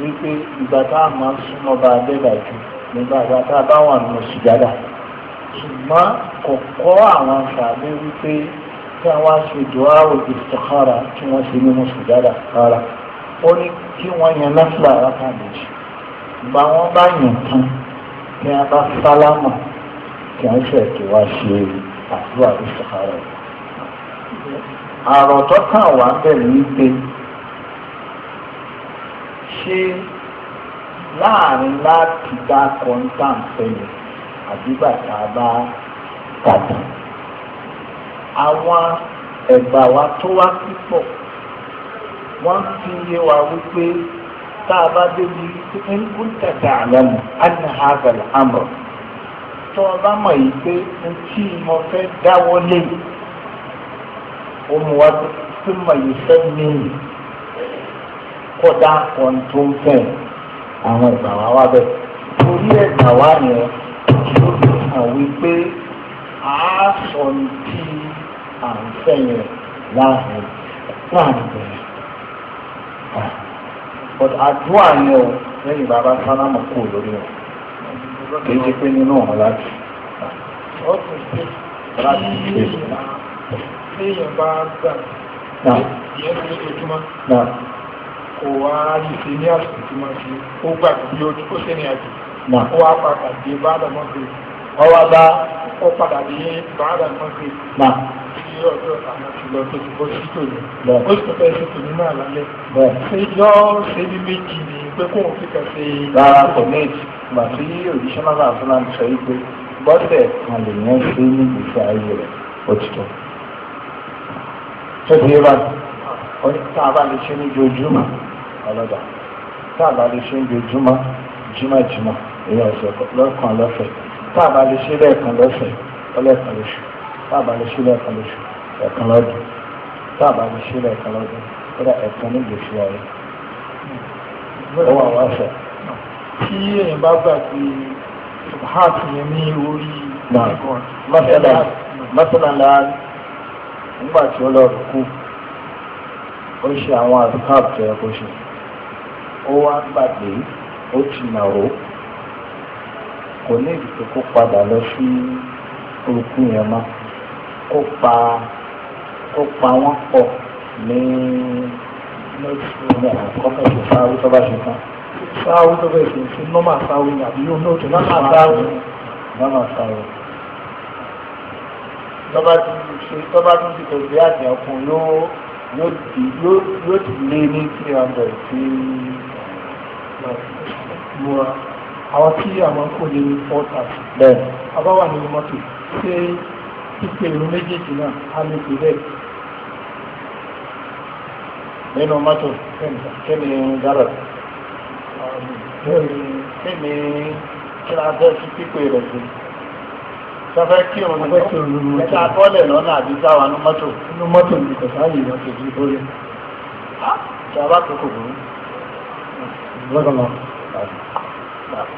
wípé ìgbà tá a máa súnmọ́ bá a jù nígbà tá a bá wà nínú ṣùgbọ́n kí wọ́n á ṣe dùá istikhara kí wọ́n ṣe nínú sùjádà rárá ó ní kí wọ́n yan náfìlà rákà méjì gba wọn bá yàn tán kí wọ́n bá sálámà kí wọ́n ṣe kí wọ́n ṣe àdúrà istikhara rẹ̀. àròtọ́ kan wà bẹ̀rẹ̀ wípé ṣé láàrin láti dá kọ́ńtà ń fẹ́lẹ̀ àdúgbà tá a bá tàbí àwọn ẹ̀bà wa tó wá púpọ̀ wọ́n fi yé wa wípé tá a bá débi ń kún tẹ̀tẹ̀ àlẹ́ mu anna hazel amọ̀ tó o bá mọ̀ yìí pé n tí mo fẹ́ dáwọ́ lé òun wá sí mọ̀ yìí fẹ́ mìíràn kódà kan tó ń fẹ́ àwọn ẹ̀bà wa wá bẹ́ẹ̀ torí ẹ̀bà wa yẹn ló fi hàn wípé àásọ̀ ní tí. à ń sẹ́yìn láàrin láàrin bẹ̀rẹ̀ but àdúrà ni o lẹ́yìn bàbá sálámù kù lórí wọn kì í ṣe pé nínú ọ̀hún láti. ó sì ṣe láti ṣe èèyàn bá gbà ìyẹn ní ojoojúmọ́ kò wá rí ṣe ní àsìkò tí wọ́n ṣe ó gbà bí ojú ó padà ní bàbá mọ́tì ní ọjọ́ àwọn ìlọ tó ti bọ́ sí tòní ó sì fẹ́ sí tòní náà lálẹ́ ṣé yọ ṣe ní méjì ni pé kó òun fìkà ṣe. rárá kò ní ìgbà tí òjíṣẹ́ máa bá fúnra mi sọ yìí pé bọ́sẹ̀ kan lè yẹn ṣe ní ìgbésí ayé rẹ̀ òtítọ́. tó ti yé bá tá a bá lè ṣe ní ojoojúmọ́ ọlọ́dà tá a bá lè ṣe ní ojoojúmọ́ jímọ̀jímọ̀ èyí ọ̀sẹ̀ lọ́kàn lọ́fẹ̀ẹ́. tá a bá lè ṣe lẹ́ẹ̀kan lọ́sẹ̀ tá a bá lè ṣe lẹ́ẹ̀kan lóṣù tá a bá lè ṣe lẹ́ẹ̀kan lọ́dún ní gbèsè ayé ọwọ́ àwọn tí bá yẹn ní orí nígbà tí ó kú ó ṣe àwọn àdúgbò ṣe ó wá gbàgbé ó ti nàró. kò ní ìdìbò kó padà lọ sí orúkú yẹn mọ́ kó pa kó pa wọ́n pọ̀ ní ní kọ́fẹ́ tó sáwó tó bá ṣe tán sáwó tó bá ṣe sí nọ́mà sáwó ni àbí yóò nóòtù nọ́mà sáwó nọ́mà sáwó tọ́ba ti ṣe tọ́ba tún ti tẹ̀lé àti ọkùnrin yóò yóò ti lé ní three hundred tí mo ra àwọn tí àwọn kò lè ní four thousand. bẹ́ẹ̀ àbá wà nínú mọ́tò ṣé pípé ìlú méjèèjì náà á lè pè bẹ́ẹ̀. nínú mọ́tò kẹ́mi dára kẹ́mi kíra bẹ́ẹ̀ sí pípé rẹ̀ sí. sọfẹ́ kí òun ní ẹ̀ka bọ́ọ̀lẹ̀ lọ́nà àbí sáwà nínú mọ́tò. nínú mọ́tò ní kọ̀ọ̀tà yìí wọ́n ti di ah, ṣé a bá kókò burú. lọ́gọ̀lọ́. Thank you.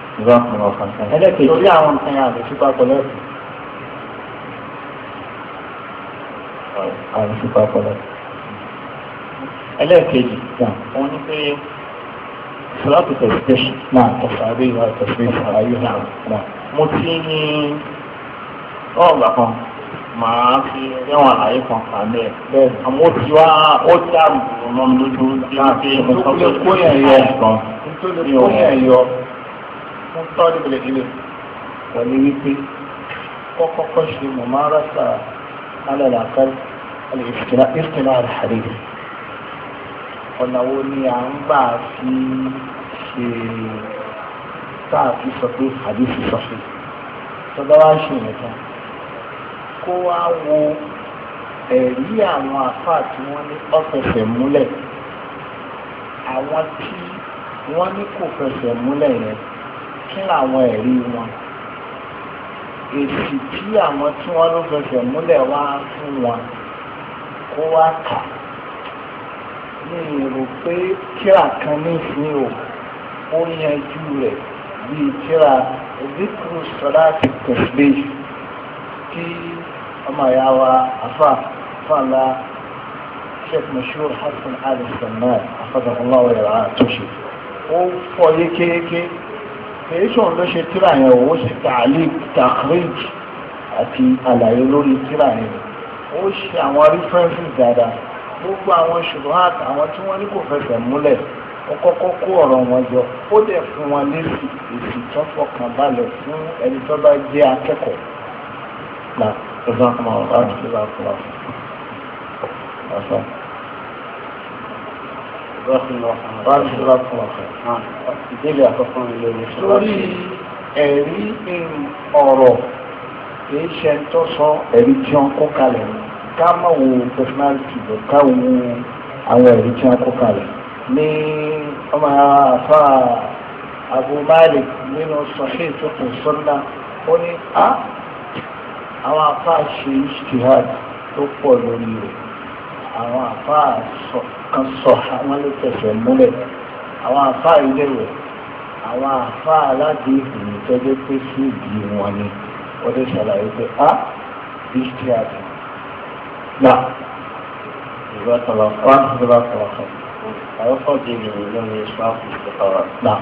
ìgbà kan ọkàn kan. ẹlẹ́kẹ̀ẹ́ torí àwọn nǹkan yẹn àbẹ̀sí papọ̀ lẹ́kùn. àbẹ̀sí papọ̀ lẹ́kùn. ẹlẹ́kẹ̀ẹ́jì náà wọ́n ní pé sọ́láàtì tẹ̀sítẹ́sì náà tọ̀sà àbí ìwà tẹ̀sítẹ́sì ààyè náà náà. mo ti ní ọ̀gbà kan màá fi ẹ̀wọ̀n àlàyé kan kàmí ẹ̀. àmọ́ tí wá ó tí àbùkù ọmọ mi lójú bí wọ́n fi ọ̀sán tó kó yẹn yọ fún tọ́lìbìlì ilé wọ́n ní wípé kọ́kọ́kọ́ ṣe mọ̀márasà alàlàkà ìfìnà àlàyé ọ̀nà wo ni à ń gbà fi ṣe táàfi sọ pé àdìsí sọ pé tọ́lá wá ṣe nìkan kó wá wo ẹ̀rí àwọn àfáà tí wọ́n ní ọ̀fẹ̀fẹ̀ múlẹ̀ àwọn tí wọ́n ní kò fẹsẹ̀ múlẹ̀ yẹn kí làwọn ẹ̀rí wọn èsì tí àwọn tí wọ́n ló fẹsẹ̀ múlẹ̀ wá fún wọn kó wá kà ní èrò pé kíra kan nísìnyí o ó yanjú rẹ̀ bíi kíra zikru salati tasbih tí ọmọ ìyá wa afa fàlà sheikh mashur hasan ali sanad afadàkùnláwọ̀ yàrá àtúnṣe ó fọ yékéyéké èyí sọ̀rọ̀ ló ṣe tíra yẹn òun ṣe tààlí takrij àti àlàyé lórí tíra yẹn ó ṣe àwọn references dáadáa gbogbo àwọn ṣùgbọ́n àwọn tí wọ́n ní kò fẹsẹ̀ múlẹ̀ ó kọ́kọ́ kó ọ̀rọ̀ wọn jọ ó dẹ̀ fún wọn lésì èsì tó fọkàn balẹ̀ fún ẹni tó bá jẹ́ akẹ́kọ̀ọ́ náà ẹ̀sán fún wa ọ̀rọ̀ àti ìlà fún wa ìbéèrè àkọ́kọ́ mi lórí sọ́ọ́rí ẹ̀rí ọ̀rọ̀ kìí ṣe ń tọ́ sọ ẹ̀rí tí wọ́n kó kalẹ̀ ká má wo personality lọ ká wo àwọn ẹ̀rí tí wọ́n kó kalẹ̀ ní ọmọ àfa Abu nínú sọ̀hí tó kò ó ní á ah, àwọn afa ṣe ìṣtìhad tó pọ̀ lórí rẹ̀ àwọn àfáà kan sọ àwọn ló tẹ̀sẹ̀ múlẹ̀ àwọn àfáà ilé rẹ̀ àwọn àfáà láti ìhùn tẹ́jọ́ pé sí ìdí wọn ni wọ́n lè ṣàlàyé pé a ìṣẹ́ àti là ìgbà tọ̀lọ̀ wá ìgbà tọ̀lọ̀ kan àwọn fọ́ọ̀dì ìrìn lórí ìṣáàfù ìṣèkọ̀rọ̀ là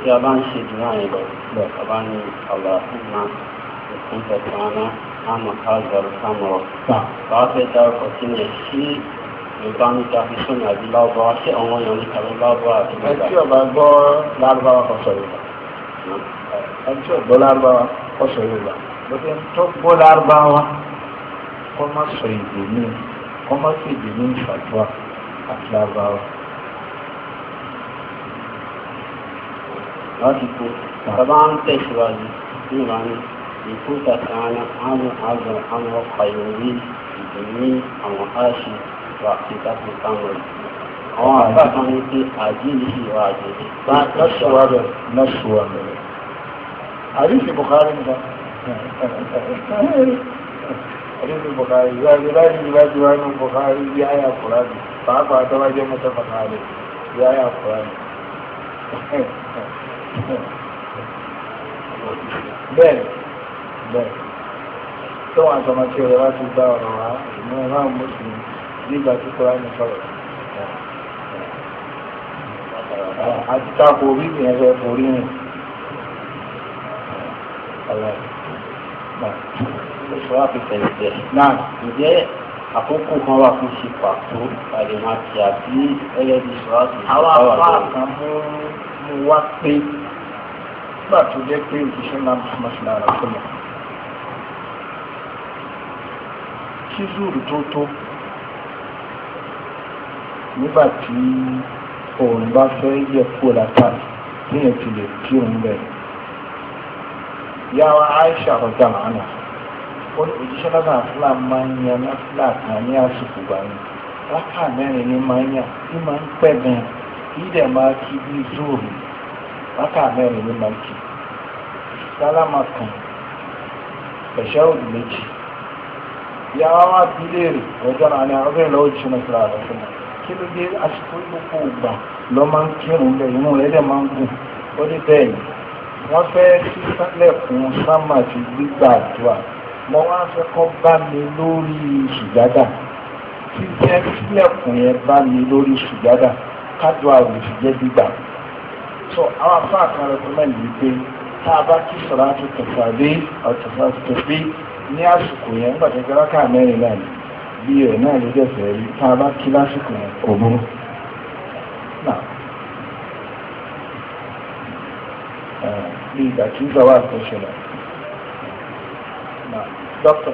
tí a bá ń ṣe jù náà yẹn lọ bá ní ọ̀là fún ma ìkúntẹ̀tàn náà kama hazar samura ba fẹ́ dárúkọ sí ní sí ìbámu ta fi sọ́nà àbí lábọ́ sí àwọn èèyàn níta ló lábọ́ àti mẹ́ta. ẹtí ọba gbọ́ lárúbáwá kan sọ yorùbá ẹtí ọba lárúbáwá kan sọ yorùbá lókè tó gbọ́ lárúbáwá kọ́ má sọ èdè mi kọ́ má sọ èdè mi ìfàdúrà àti lárúbáwá. láti kó bàbá ń tẹ̀síwájú ní ìlànà. لكل كان عن عبد الأمر القيومي ìdùnnú àwọn aṣọ wa ìtàkùn samuel àwọn àbá kan ní pé àjílì ìwà àjèjì. lọ́ṣọ̀wá rẹ̀ lọ́ṣọ̀wá rẹ̀. àríṣì bùkárí ń bá. àríṣì bùkárí ìwà ìwádìí ìwádìí wà nù bùkárí bí àyà kùránì pàápàá tọ́lá jẹ́ mọ́tò bàkárẹ̀ bí àyà kùránì bẹ́ẹ̀ tó wọn àtọmọ tí ọ̀rẹ́ wá ti gba ọ̀rọ̀ wá ìmọ̀ ẹ̀rọ àwọn mùsùlùmí nígbà tí kò ráyè sọ̀rọ̀ àti tako orí ìyẹn fẹ́ forí rìn ọ̀ṣọ́ àfihàn ìjẹ́ náà ǹjẹ́ àkókò kan wà fún ṣe pàtó àdèmàkì àbí ẹlẹ́dì ìṣọ́ àti ìṣọ́ àwọn àwọn àkàn mú wá pé nígbà tó jẹ́ pé òṣìṣẹ́ náà mọ̀ọ́mọ́sí náà rà fún mi. kí zúrù tó tó nígbà tí òòrùn bá fẹ́ yẹ kúrò látàrí níyẹn ti lè kírun bẹ́ẹ̀. yàrá Aisha ọ̀dà màánà ó ní òjíṣẹ́ lọ́nà àfúlà máa ń yan náfúlà kan ní àsìkò gbàyìn láká mẹ́rin ní máa ń yàn ní máa ń pẹ́ gan kí dẹ̀ máa kí bí zúrù láká mẹ́rin ní máa ń kí sálámà kan ẹ̀ṣẹ́ òdì méjì ìyàwó wa fi léèrè ọjọ́ náà ni ọbẹ̀ lọ́wọ́ ìṣúná síra rẹ̀ fún mi kí ló dé àsìkò ìlúkọ ògbà lọ máa ń kírun bẹ inú rẹ̀ dẹ̀ máa ń gùn ó dé bẹ́ẹ̀ ni wọ́n fẹ́ sísálẹ̀ fún sámà ti gbígbà àdúrà mo wá fẹ́ so àwọn afáàkàn rẹ̀ fún mẹ́rin wípé tá a bá kí sọ̀rọ̀ ní àsìkò yẹn nígbà tó gbẹ́rọ́ káà mẹ́rin náà bí rẹ̀ náà ló dẹ̀fẹ̀ rí tá a bá kí lásìkò yẹn kò burú. bí ìgbà tí ìgbà wà tó ṣẹlẹ̀ dókítà.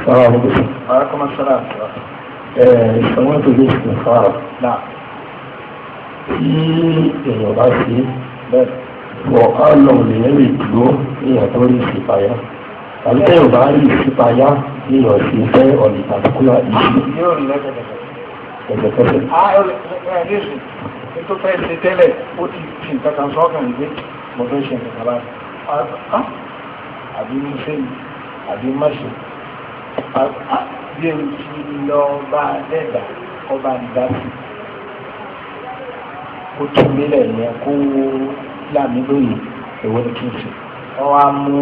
السلام عليكم. وعليكم السلام. سمعت بيتك من خارج. نعم tí èèyàn bá ṣe bẹ́ẹ̀ wọ̀ á lọ nìyẹn lè dúró èèyàn tó rí ìṣèpáyà tàbí tẹ́yìn bá rí ìṣèpáyà èèyàn sì fẹ́ ọ̀nì pàtíkúlà ìṣe. ẹ̀jẹ̀kẹ́sẹ̀. tó fẹ́ ṣe tẹ́lẹ̀ ó ti fi nǹkan kan sọ́kàn gbé mo fẹ́ ṣe nǹkan báyìí àbí mo ṣe bí o ti lọ bá dẹ́gbà ọba ìdásí kó tó mílẹ̀ yẹn kó wó láàmì lóye èwo ni kí n ṣe wọ́n wá mú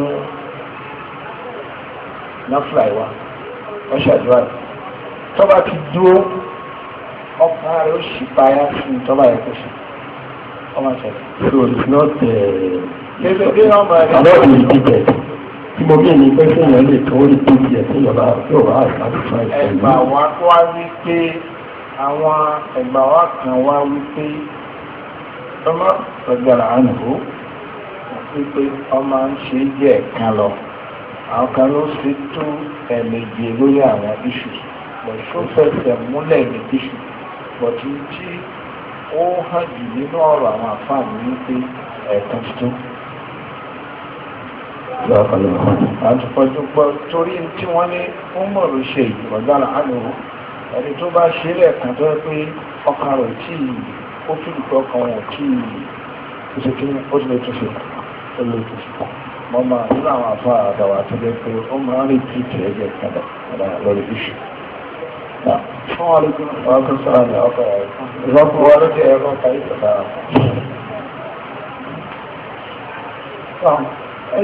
náfìlà ìwà wọ́n ṣàdúrà tọ́ba ti dúró ọkàn rẹ̀ ó sì payá sí i tọ́ba yẹn kó sí ọmọ ṣẹlẹ̀. so it's not. about the repeated tí mo bí ẹni pé kéèyàn lè tó lè tó tiẹ̀ tí yọba yóò wá àtúntò ẹ̀sìn. ẹ̀gbà wa wá wípé àwọn ẹ̀gbà wa kan wá wípé. tọ́lá ọgbàrá àánú wípé ọmọ ń ṣe lọ àwọn kan ló ṣe tó ẹ̀mẹ̀jì lórí àwọn iṣu pẹ̀lú fẹsẹ̀ múlẹ̀ ní iṣu tí ó hàn jù nínú ọ̀rọ̀ àwọn àfáàní ẹ̀kan tó. torí tí wọ́n ní ó ṣe ìgbọ̀dára àánú ẹni tó bá ṣe lẹ́ẹ̀kan pé ọkàn tí ó fi ìtọ́ kan wọn kí ìṣe kí ó ti lè túnṣe ó lè túnṣe mo máa nínú àwọn afọ àdàwà tó jẹ pé ó máa ń retí tẹ̀ ẹ́ padà padà lórí iṣu. Assalamu alaikum wa rahmatullahi wa barakatuh. Ìrọ́pọ̀ wa ló jẹ́ ẹ̀rọ káyé ìjọba.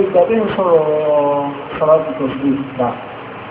Ìgbà tí sọ̀rọ̀ Sọ́lájú tó fi gbà.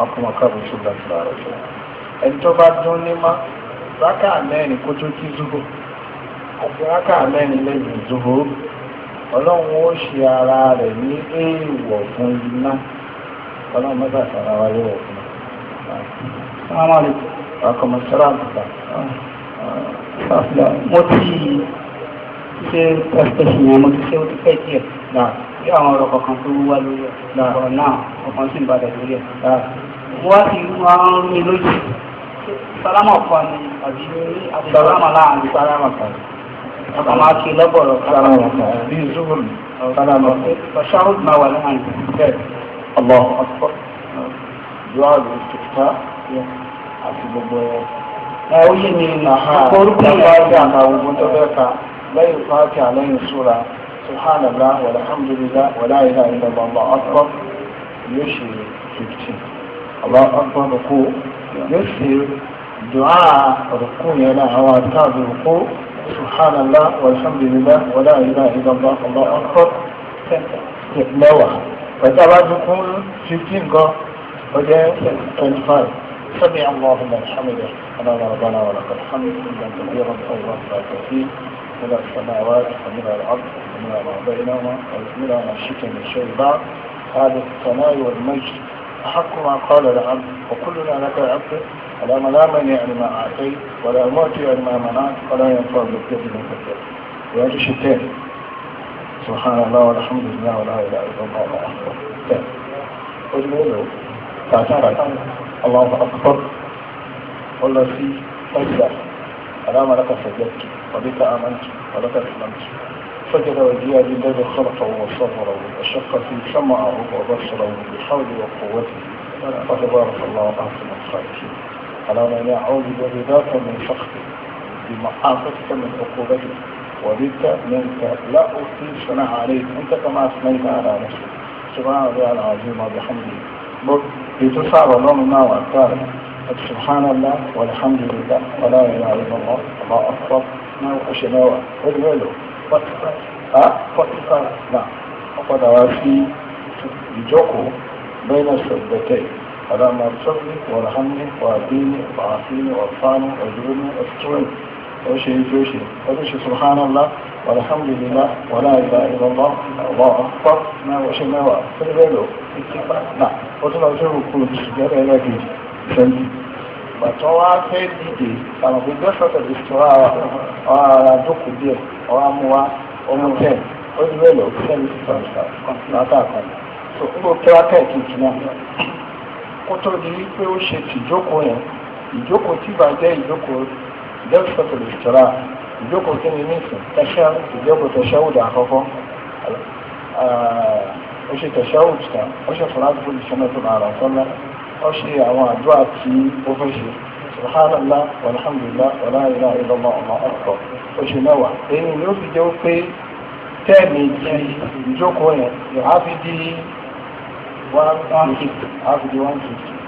ọkùnrin ọkọọbù ṣùgbọ́n tó bá rọ ẹni tó ní mọ rákà mẹ́rin kó tó kí zuhu àti rákà mẹ́rin lẹ́yìn ó ṣe ara rẹ̀ ní èèwọ̀ fún iná ọlọ́run mẹ́ta sara wa yóò fún un. ọkọ̀mọ̀ sọ́ra mo ti ṣe tí àwọn ọ̀rọ̀ kọ̀ọ̀kan tó wá lórí ọ̀rọ̀ náà ọ̀kan sì ń balẹ̀ lórí ẹ̀. Ah, wá sí máa ń rú mi lójú sálámà kan ni àbí àti sálámà láàrin sálámà kan. ọkàn máa ṣe lọ́bọ̀rọ̀ sálámà kan bí ìṣòro sálámà kan. ọ̀ṣọ́rọ̀ máa wà láàrin bẹ́ẹ̀. ọ̀bọ̀ ọ̀pọ̀ yóò àlọ́ ìṣèkítà àti gbogbo ẹ̀. ẹ ó yé mi nà ha orúkọ سبحان الله والحمد لله ولا إله إلا الله الله أكبر يشهد سبتين الله أكبر ركوع يشهد دعاء يا يلا عواتاب ركوع سبحان الله والحمد لله ولا إله إلا الله الله أكبر تتنوى فتبع ركوع سبتين قا وجاء تنفاي سمع الله من حمده أنا ربنا ولقد الحمد من كثيرا الله لا تفيد من السماوات ومن الأرض ومن ما بينهما ومن ما شئت من شيء بعد هذا الثناء والمجد أحق ما قال العبد وكلنا لك عبد ولا لا يعني ما أعطيت ولا يعني ما منعت ولا ينفع من منك وهذا شيء ثاني سبحان الله والحمد لله ولا إله إلا الله طيب. الله أكبر ثاني الله أكبر والله في مجد ألا ما لك سجدت وبك آمنت ولك أسلمت فجد وجيه للذي خلقه وصوره وشق في سمعه وبصره بحوله وقوته فتبارك الله أحسن الخالقين على ما يعود برضاك من سخطك بمحافظتك من عقوبتك وبك منك لا أطيل ثناء عليك أنت كما أثنيت على نفسك سبحان الله العظيم وبحمده لتصعب ظننا وأكثر سبحان الله والحمد لله ولا إله إلا الله الله أكبر ọ̀ṣẹ̀ mẹ́wàá ó ti mẹ́lò forty five náà wọ́n padà wá sí ìjókòó bẹ́ẹ̀ sọ̀gbẹ̀tẹ̀ ọ̀làmà sọ́gbẹ̀ wọ̀lhánnì wàdíní wàhásíní wàfánì ọ̀dúrónì ọ̀túrìn ó ṣe é tó ṣe ó tó ṣe subhanallah walhamdulillah wàlá ìlà ìlọ́lọ́ ọ̀lọ́ ọ̀pọ̀ náà ọ̀ṣẹ̀ mẹ́wàá ó ti mẹ́lò ó ti pa náà ó tún lọ sí òkú ìṣùgbẹ́rẹ́ ẹlẹ́gbẹ̀ẹ́ sẹ́yìn bàtọ́ wá fẹ́ dìde tàbí dọ́sọ̀tọ̀ di tura ọ̀rọ̀ ara dúkù díẹ̀ ọ̀rọ̀ amúwá ọmọ bẹ́ẹ̀ ó ti bẹ́ẹ̀ lọ sí ẹ̀mí sísọ kọ̀ǹtínátà kan tó ń bọ̀ kíláàtà kejì náà kó tó di wípé ó ṣe tìjókòó yẹn ìjókòó tí bàjẹ́ ìjókòó dọ́sọ̀tọ̀ di tura ìjókòó kí ni nísìn tẹ̀sẹ̀ ìjókòó tẹ̀sẹ̀ òdà àkọ́kọ́ ó ṣe tẹ̀sẹ̀ òdà ó ṣe fúnra fún ìṣẹ́mẹ́tò àrà sọ́lá ó ṣe àwọn àdúrà tí ó fẹ́ ṣe subhanallah walhamdulillah wala ilaha illallah ọmọ ọkọ oṣù mẹ́wàá èyí ni ó fi jẹ́ pé tẹ́ẹ̀mì jẹ́ ìjókòó yẹn yóò á fi di one fifty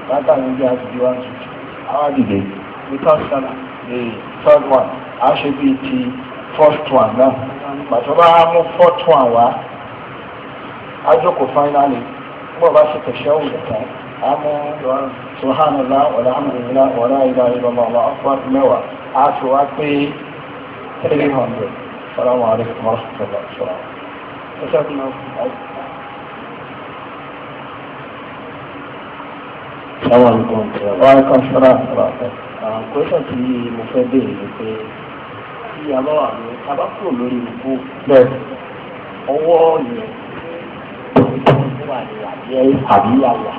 látàrí bí á fi di one fifty àwọn àdìgbè the third seller third one á ṣe bí ti first one náà pàtó bá mú fourth one wá á jókòó finally bó o bá ṣe tẹ̀síọ́ òwúrọ̀ tán àmọ́ ṣùhánàlá ọ̀làmùlá ọ̀là ìlà ìlọ́mọ̀ ọ̀là ọ̀pọ̀ mẹ́wàá a ti wá pé three hundred salamu alaykum wa rahmatulah ṣọlá. Àwọn nǹkan tí wọ́n kọ́ sọ́ra Àwọn kòsàn tí mo fẹ́ béèrè ni pé tí a bá wà kúrò lórí ìbò. Bẹ́ẹ̀ ọwọ́ yẹn tó wà ní àbí àyà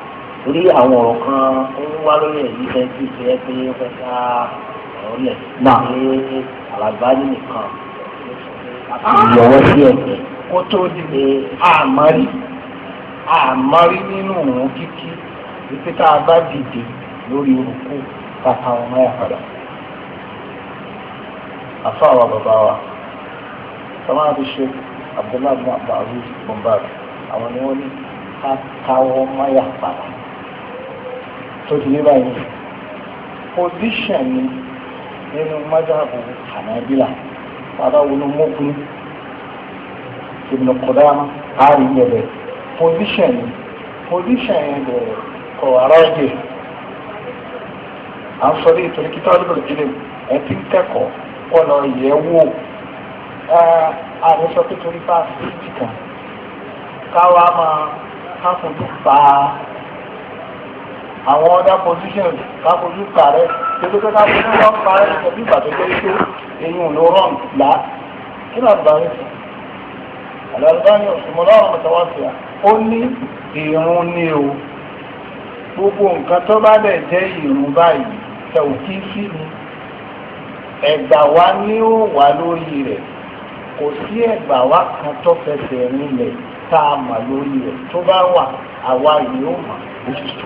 torí àwọn ọ̀rọ̀ kan ń wá lórí èyí fẹ́ sí ìfẹ́ pé ó fẹ́ ká ọ̀rọ̀ lẹ̀ pé àlàbá nìkan ah! ìyọ̀wọ́ sí ẹ̀sẹ̀ kó tó di pé àmọ́rí àmọ́rí nínú òun kíkí wípé tá a bá dìde lórí orúkú kàkà wọn náà padà. àfa àwọn bàbá wa sọmáà fi ṣe abdullahi abdulaziz bombard àwọn ni wọ́n ní ká káwọ́ máyà padà tó ti yé báyìí position ni nínú mọ́jáàbù ànábìlà padà wọnú mọ́kún ìbùnà kọ̀dá àárín yẹlẹ̀ position ni position yẹn bẹ̀rẹ̀ kọ̀ aráàjẹ̀ à ń sọ ní ìtòrí kí tọ́lú bẹ̀rẹ̀ jílẹ̀ ẹ̀ ti ń kẹ́kọ̀ọ́ kọ́ lọ yẹ̀ wò àrùn sọ pé torí bá a fi ìdí kan káwa máa káfọ́n tó bá a. àwọn other positions káfojú kàrẹ́ tètè pé káfojú wọn parẹ́ tẹ̀lé ìgbà tó ló là kí ó ni o gbogbo nǹkan tó bá jẹ́ ìrún báyìí tẹ̀ ò kí ni ẹ̀gbà wa ó wà lórí kò sí ẹ̀gbà wa kan tó fẹsẹ̀ rinlẹ̀ tá a mà lórí rẹ̀ tó bá wà àwa yìí ó mà ó ti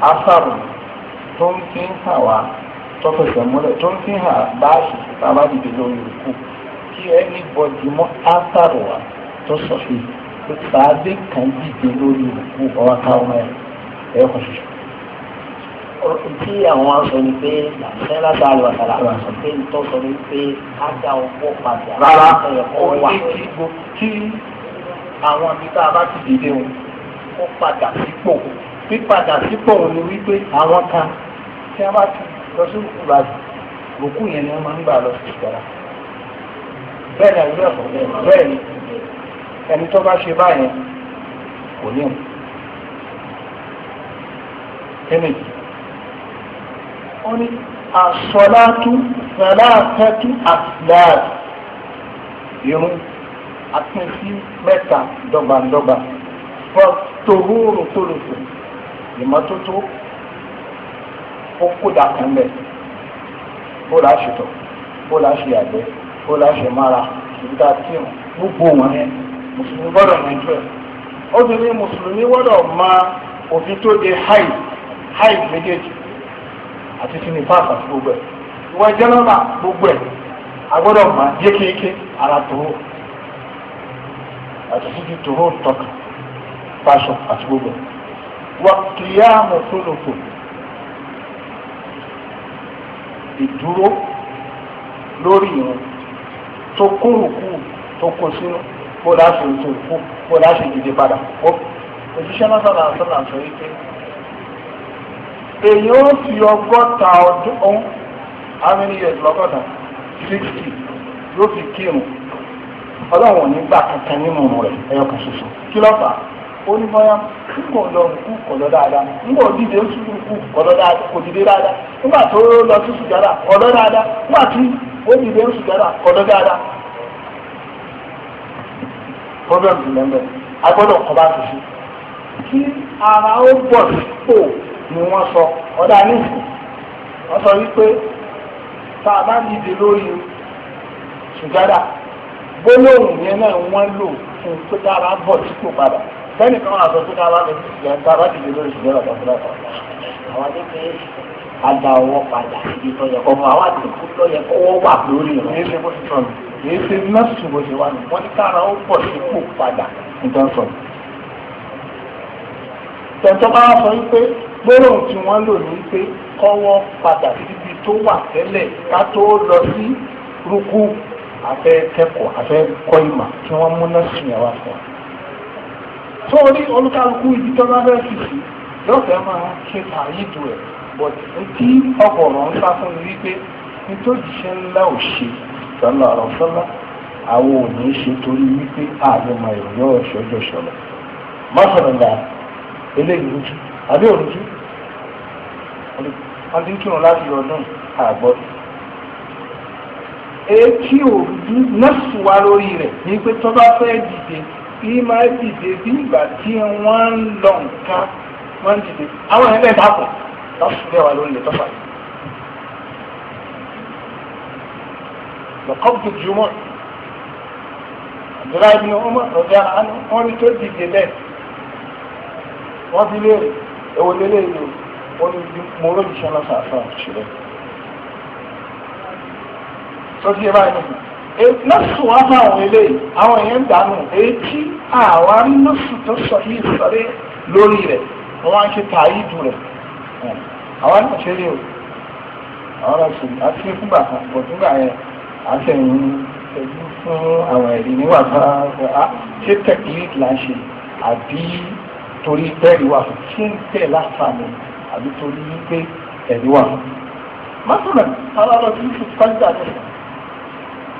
asaru tó ń fi ń hàn wá tọ́fẹ̀sẹ̀ múlẹ̀ tó ń fi hàn bá àṣìṣe tá a bá dìde lórí ìkú kí ẹni bọ̀dì mọ́ asaru wa tó sọ pé sàádé kan dìde lórí ìkú ọwọ́ táwọn ẹ̀ ẹ̀ kọ̀ ṣoṣo. tí àwọn aṣọ ni pé ṣẹ́ látà àlùwà sàlà sọ pé tó sọ ni pé á dá ọwọ́ padà. rárá ó ní kí gbogbo kí àwọn ibi tá a bá ti dìde wọn kó padà sípò pípadà sípò òní wípé àwọn kan tí wọ́n bá lọ sí ìbàdàn òkú yẹn ni wọ́n máa ń gbà lọ sí ìtọ́ra bẹ́ẹ̀ ni àwùjọ bẹ́ẹ̀ ni ẹni tó bá ṣe báyẹn kò ní òun kẹ́mẹ̀jì ó ní àṣọlátú sàlátẹ́tú àtìláàdì irun àpín sí mẹ́ta dọ́gbandọ́gba tòhóró tó ìmọ́tótó ó kódà kan lẹ̀ bó la ṣe tọ̀ bó la ṣe àgbẹ̀ bó la ṣe mára ibi tá a ti hàn gbogbo wọn yẹn mùsùlùmí gbọ́dọ̀ yanjú ẹ̀ obìnrin mùsùlùmí gbọ́dọ̀ mọ òfin tó de haid haid méjèèjì àti sinmi pass àti gbogbo ẹ̀ ìwọ jẹ́nọ́mà gbogbo ẹ̀ agbọ́dọ̀ mọ yékéyéké ara tòró àti síbi tòró tọkàn fáṣọ àti gbogbo ẹ̀ wàkìyàmù tólòtò ìdúró lórí ìrun tó kúrùkù tó kó sínú bó láti ètò ìkú bó láti dìde padà kó òṣìṣẹ́ náà sọ̀rọ̀ àtọ́nà sọ wípé èyí ó fi ọgọ́ta ọdún ọ̀hún how many years lọ́gọ́ta sixty yóò fi kírun ọlọ́run ò ní gbà kankan nínú rẹ̀ ẹyọkan ṣoṣo kí ló fà onímọ̀yá ńgbò lọ kú kọ̀lọ́ dáadáa ńgbò dìde oṣù kú kọ̀lọ́ dáadáa kò dìde dáadáa ńgbà tó lọ sí dáadáa dìde oṣù dáadáa. ti a gbọ́dọ̀ kọ́ sọ ọ̀dà sọ wípé tá a bá dìde lórí gbólóhùn yẹn náà wọ́n lò fún pé sẹ́ni kan wà sọ pé ká wá lọ sí ìgbà tá a bá ti lè lórí ìṣúná ọ̀dọ́ fúnra kan àwọn akéwì àgbà ọwọ́ padà ibi tó yẹ kó mọ àwọn àtìkú tó yẹ kó wọ́n wà lórí rẹ̀. èyí ṣe bó ti sọ̀rọ̀ èyí ṣe nọ́ọ̀sì bó ṣe wà ní wọ́n ní kára ó pọ̀ sípò padà nǹkan sọ̀rọ̀. tẹ̀sán bá sọ wípé gbólóhùn tí wọ́n lò ní pé kọ́wọ́ padà síbi tó wà tẹ́lẹ̀ ká tó lọ sí rúkú afẹ́ kẹ́kọ̀ọ́ ìmọ̀ tí wọ́n múná sùn yàrá fún wa. tó orí olúkálukú ibi tó bá bẹ́ẹ̀ sì sí lọ́fẹ̀ẹ́ máa ṣe tààyèdù ẹ̀ but tí ọ̀gọ̀rọ̀ ń sá fún mi wípé ṣe ńlá ò ṣe sọlá ọ̀rọ̀ sọlá àwọn ò ní ṣe torí wípé àlọ́mọ ìròyìn ọ̀ṣọ́ ṣọlọ. mọ́sàlùmá eléyìí rújú àbí òrújú láti ọdún àgbọ̀. etí òrújú nọ́ọ̀sì lórí rẹ̀ ní pé tó bá fẹ́ dìde yìí máa dìde bí ìgbà tí wọ́n ń lọ nǹkan wọ́n ń dìde àwọn ẹ̀rẹ́ bẹ́ẹ̀ bá pọ̀ lọ́sùn bẹ́ẹ̀ wà lónìí tọ́fà yìí. lọ́kọ́bù jùmọ̀ àdúrà ibi ni ọmọ ọ̀gá wọn ní tó dìde bẹ́ẹ̀ wọ́n fi léèrè èwo lélẹ́yìn o wọ́n ní mo rọ́ọ̀dù sọ́nà sàfà ṣùgbọ́n. sọ́sí ẹ báyìí nìkan lọ́sù wọn fún àwọn eléyìí àwọn èèyàn ń dànù èyí tí àwa rí lọ́sù tó sọ yìí sọrí lórí rẹ̀ wọ́n á ṣe tààyídù rẹ̀ àwa náà ṣe rí o àwọn ọ̀sùn àti fúngbà kan kò fúngbà yẹn àtẹ̀yìn pẹ̀lú fún àwọn ẹ̀rí níwà fún a ṣe tẹ̀kílì là ń ṣe àbí torí bẹ́ẹ̀rì wà fún kí n tẹ̀ láǹfààní àbí torí wípé ẹ̀rí wà fún. mọ́tò náà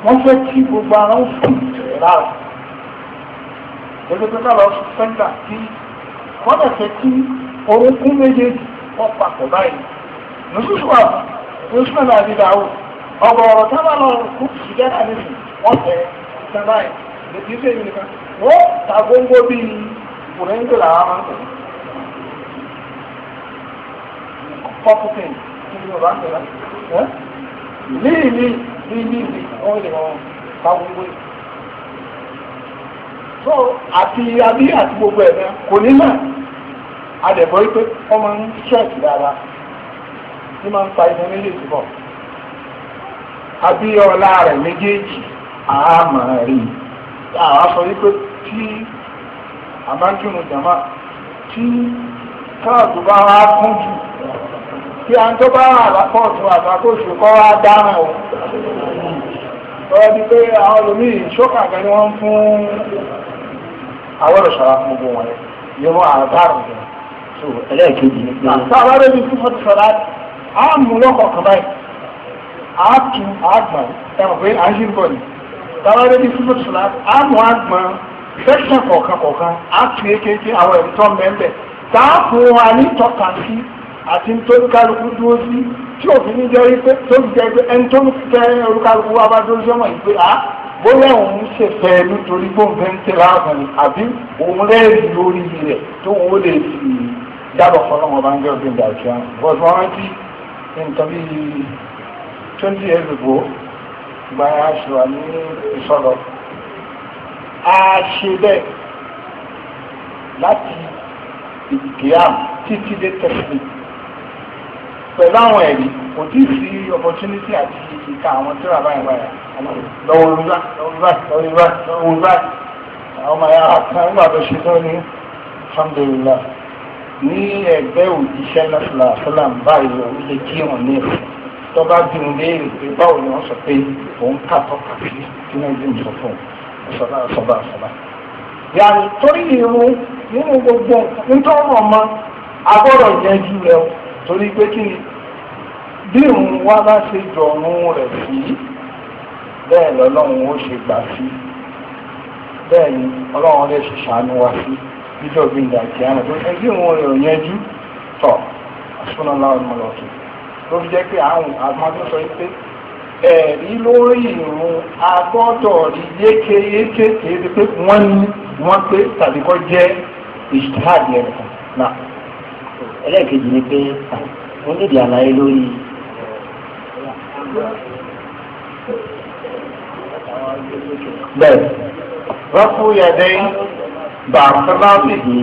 wọ́n fẹ́ kí gbogbo ara ń fún ìtẹ̀rẹ̀ lára olóògbé náà lọ sí fẹ́ńdà kí wọ́n dẹ̀ fẹ́ kí orúnkún méjèèjì wọ́n papọ̀ báyìí lóṣooṣù wà lóṣù náà ní ìdáwó ọ̀rọ̀ ọ̀rọ̀ tábà lọ kú ṣìgá náà nìyí wọ́n tẹ̀ ṣẹ́ báyìí lè ti ṣe ìrìnkà wọ́n ta góńgó bíi kùrẹ́ńgò làwọn máa ń tẹ̀lé. kọ́pù kẹ́yìn kí ni Yorùbá ń bílíìsì ọ̀lẹ̀ wọn káwúwé. so àti abí àti gbogbo ẹ̀ náà kò ní mà adẹ̀bọ̀ yìí pé wọ́n máa ń stress dára ní máa ń fa iná méjèèjì bọ̀ abíọ́lá rẹ̀ méjèèjì àmọ̀ rí àwọn sọ wípé tí àmájúnu jàmá tí káàdùbá wá kún jù kí a ń tó bá wà lápọ̀tún àtàkóṣù kọ́ wá dáràn o ọ̀rọ̀ di pé àwọn olómìnì ṣókàgbẹ́ ni wọ́n fún àwọn ọ̀ṣọ́ra fún gbogbo wọn yóò àbárùn tó ẹlẹ́ẹ̀kejì ní pé. àtàwọn ẹbí fún fọ́tí sọ̀rọ̀ á mú lọ́kọ̀ kan tu àgbọ̀n ẹ̀mọ̀ pé à ń ṣe ń bọ̀ ni táwọn ẹbí fún fọ́tí sọ̀rọ̀ á mú àgbọ̀n fẹ́sẹ̀ kọ̀ọ̀kan kọ̀ọ̀kan á tu ékéké àwọn ẹ̀rí tó mẹ́ńbẹ̀ tá a fún wa ní tọ́ka sí àti tóníkàlùkù dúró sí tí òfin ní jẹ́ pé tó jẹ́ pé ẹni tó ń fẹ́ olúkàlùkù wa bá dúró sọ́mọ̀ yìí pé à bóyá òun ṣe fẹ́ nítorí gbòǹgbẹ́ ń tẹ̀lé àwọn àbí òun rẹ́ẹ̀rì lórí rẹ̀ tó òun lè fi dábọ̀ fọlọ́mọ bá ń gẹ́ òfin dàjú àwọn. bọ́sù wọn rántí nǹkan bíi twenty years ago gba aṣọ àní ìsọ̀rọ̀ a ṣe bẹ́ẹ̀ láti ìdìkìyàm títí dé tẹ̀sílẹ̀ pẹ̀lú àwọn ẹ̀rí kò tí ì sí opportunity àti ìka àwọn tíra báyìí báyìí lọ́wọ́ rúbá lọ́wọ́ rúbá lọ́wọ́ rúbá àwọn ọmọ yàrá kan nígbà tó ṣe tán ní alhamdulillah ní ẹgbẹ́ òjíṣẹ́ lọ́sọ̀lá sọ́là báyìí ó lè kí wọn ní ẹ̀fọ́ tó bá bí wọn léèrè pé báwo ni wọ́n sọ pé òun kà tó kà sí kí wọ́n gbé nìkan fún un sọ́lá sọ́lá sọ́lá. yàrá torí ìrún nínú gbogbo nítorí ọmọ agbọ́dọ̀ yẹn jù rẹ̀ torí pé kí ni bí òun wá bá ṣe jọ̀run rẹ̀ sí bẹ́ẹ̀ lọ́lọ́run ó ṣe gbà sí bẹ́ẹ̀ ni ọlọ́run lè ṣe ṣàánú wa sí bíjọ́ bí ìgbà tí a nà tó ẹgbẹ́ òun rẹ̀ ò yanjú tọ̀ àṣùnà láwọn ọmọlọ́tò ló fi jẹ́ pé àwọn àgbọ̀n sọ pé ẹ̀rí lórí ìrùn agbọ́dọ̀ rí pé wọ́n ní wọ́n pé tàbí kọ́ jẹ́ ìṣìhàdì ẹ̀rọ náà ẹlẹ́ẹ̀kejì ni pé wọ́n nídìí àlàyé lórí. bẹ́ẹ̀ rọ́pò yẹ̀dẹ́ bá fẹ́láńsì yìí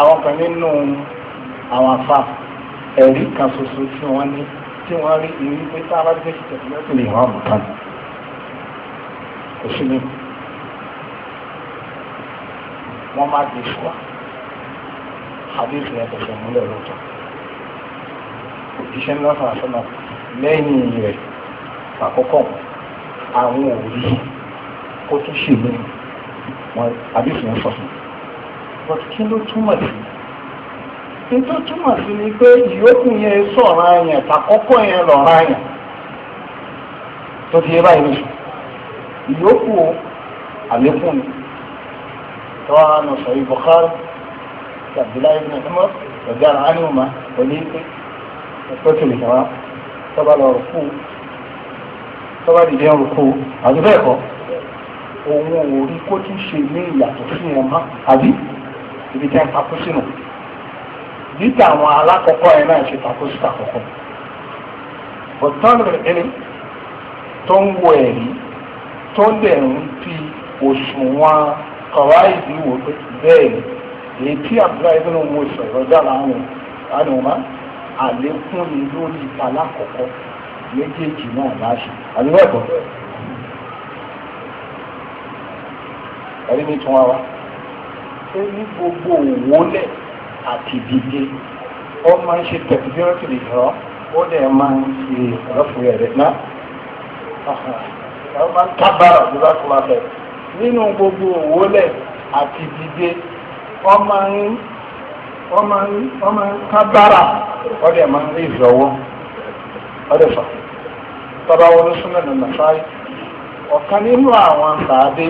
àwọn kan nínú àwọn afa ẹ̀rí kan ṣoṣo tí wọ́n ní tí wọ́n rí ìrírí pé tá a bá gbé ṣe tẹ̀síwájú lè wọ́n mọ̀ tán kò sí ní wọ́n má gbé fún e hadith yẹn tẹ̀sẹ̀ múlẹ̀ lọ́tọ̀ òjíṣẹ́ ńlá fún àṣọ́nà lẹ́yìn rẹ̀ àkọ́kọ́ àwọn òbí kó tún ṣì ní wọn hadith yẹn sọ but kí ló túmọ̀ sí nítorí túmọ̀ sí ni pé ìyókù yẹn sọ̀rọ̀ àyàn tàkọ́kọ́ yẹn lọ̀rọ̀ àyàn tó fi yé báyìí nìyókù àlékún ni. سواء عن صحيح عبد الله بن عمر وقال عنهما وليك القتل كمان طبعا ركوع طبعا اللي ركوع هذا بيقع òun ò kó tún ṣe ní ìyàtọ̀ sí ẹ̀ mọ́ àbí ibi tí a ń takú sínú bí táwọn alákọ̀ọ́kọ́ ẹ̀ náà ṣe takú sí takọ̀kọ́ bọ̀tánù ẹni tó ń wo ẹ̀rí tó dẹ̀ ń fi òṣùwọ̀n kọ̀wá ìdí wò pé bẹ́ẹ̀ ni èyí tí àbúrò ẹgbẹ́ ló ń wo ìṣòro dára àwọn àdùnmá àlékún ni lórí ìta lákọ̀ọ́kọ́ méjèèjì náà láṣẹ àdúrà ẹ̀kọ́ ẹ̀rí mi tún wá wá pé ní gbogbo òwòlẹ̀ àti ìdíje ó máa ń ṣe tẹ̀síọ́tì lè rọ́ ó dẹ̀ máa ń ṣe rọ́pò rẹ̀ náà ó máa ń kábàárà bí tó máa bẹ̀rẹ̀. nínú gbogbo òwòlẹ̀ àti dídé ọmọ ń ọ dị ọdẹ máa ń rí ìzọwọ́ ọdẹ fà tọ́ba wọlé súnmọ́ nínú sáyé ọ̀kan nínú àwọn sàádé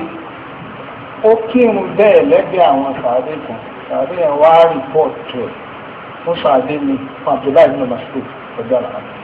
ó kírun bẹ́ẹ̀ àwọn sàádé kan sàádé yẹn wá rìpọ́ọ̀tù ẹ̀ fún sàádé mi fún